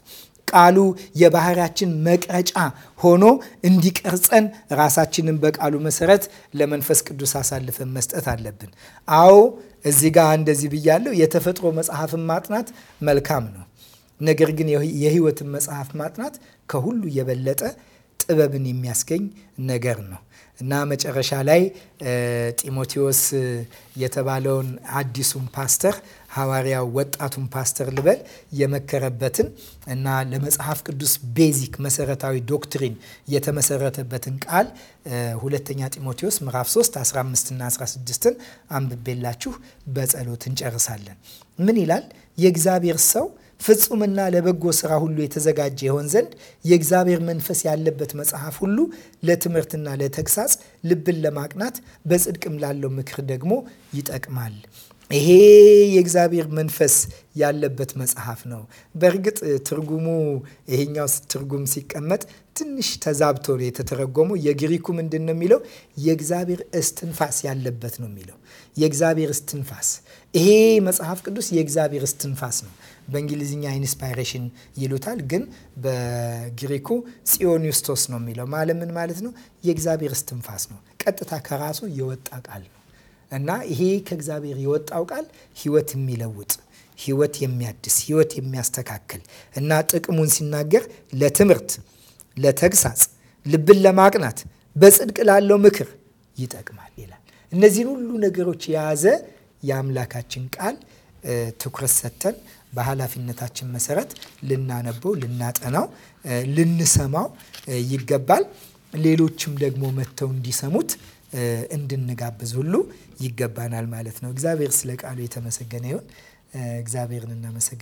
Speaker 1: ቃሉ የባህሪያችን መቅረጫ ሆኖ እንዲቀርጸን ራሳችንን በቃሉ መሰረት ለመንፈስ ቅዱስ አሳልፈን መስጠት አለብን። አዎ እዚህ ጋር እንደዚህ ብያለሁ። የተፈጥሮ መጽሐፍን ማጥናት መልካም ነው። ነገር ግን የህይወትን መጽሐፍ ማጥናት ከሁሉ የበለጠ ጥበብን የሚያስገኝ ነገር ነው እና መጨረሻ ላይ ጢሞቴዎስ የተባለውን አዲሱን ፓስተር ሐዋርያው ወጣቱን ፓስተር ልበል የመከረበትን እና ለመጽሐፍ ቅዱስ ቤዚክ መሰረታዊ ዶክትሪን የተመሰረተበትን ቃል ሁለተኛ ጢሞቴዎስ ምዕራፍ 3 15ና 16ን አንብቤላችሁ በጸሎት እንጨርሳለን። ምን ይላል? የእግዚአብሔር ሰው ፍጹምና ለበጎ ስራ ሁሉ የተዘጋጀ ይሆን ዘንድ የእግዚአብሔር መንፈስ ያለበት መጽሐፍ ሁሉ ለትምህርትና ለተግሳጽ፣ ልብን ለማቅናት፣ በጽድቅም ላለው ምክር ደግሞ ይጠቅማል። ይሄ የእግዚአብሔር መንፈስ ያለበት መጽሐፍ ነው። በእርግጥ ትርጉሙ ይሄኛው ትርጉም ሲቀመጥ ትንሽ ተዛብቶ ነው የተተረጎመው። የግሪኩ ምንድን ነው የሚለው? የእግዚአብሔር እስትንፋስ ያለበት ነው የሚለው። የእግዚአብሔር እስትንፋስ፣ ይሄ መጽሐፍ ቅዱስ የእግዚአብሔር እስትንፋስ ነው። በእንግሊዝኛ ኢንስፓይሬሽን ይሉታል፣ ግን በግሪኩ ጽዮኒስቶስ ነው የሚለው። ማለምን ማለት ነው የእግዚአብሔር እስትንፋስ ነው። ቀጥታ ከራሱ የወጣ ቃል ነው እና ይሄ ከእግዚአብሔር የወጣው ቃል ህይወት የሚለውጥ ህይወት የሚያድስ ህይወት የሚያስተካክል እና ጥቅሙን ሲናገር ለትምህርት፣ ለተግሳጽ፣ ልብን ለማቅናት በጽድቅ ላለው ምክር ይጠቅማል ይላል። እነዚህን ሁሉ ነገሮች የያዘ የአምላካችን ቃል ትኩረት ሰጥተን በኃላፊነታችን መሰረት ልናነበው፣ ልናጠናው፣ ልንሰማው ይገባል። ሌሎችም ደግሞ መጥተው እንዲሰሙት እንድንጋብዝ ሁሉ ይገባናል ማለት ነው። እግዚአብሔር ስለ ቃሉ የተመሰገነ ይሁን። እግዚአብሔርን እናመሰግናለን።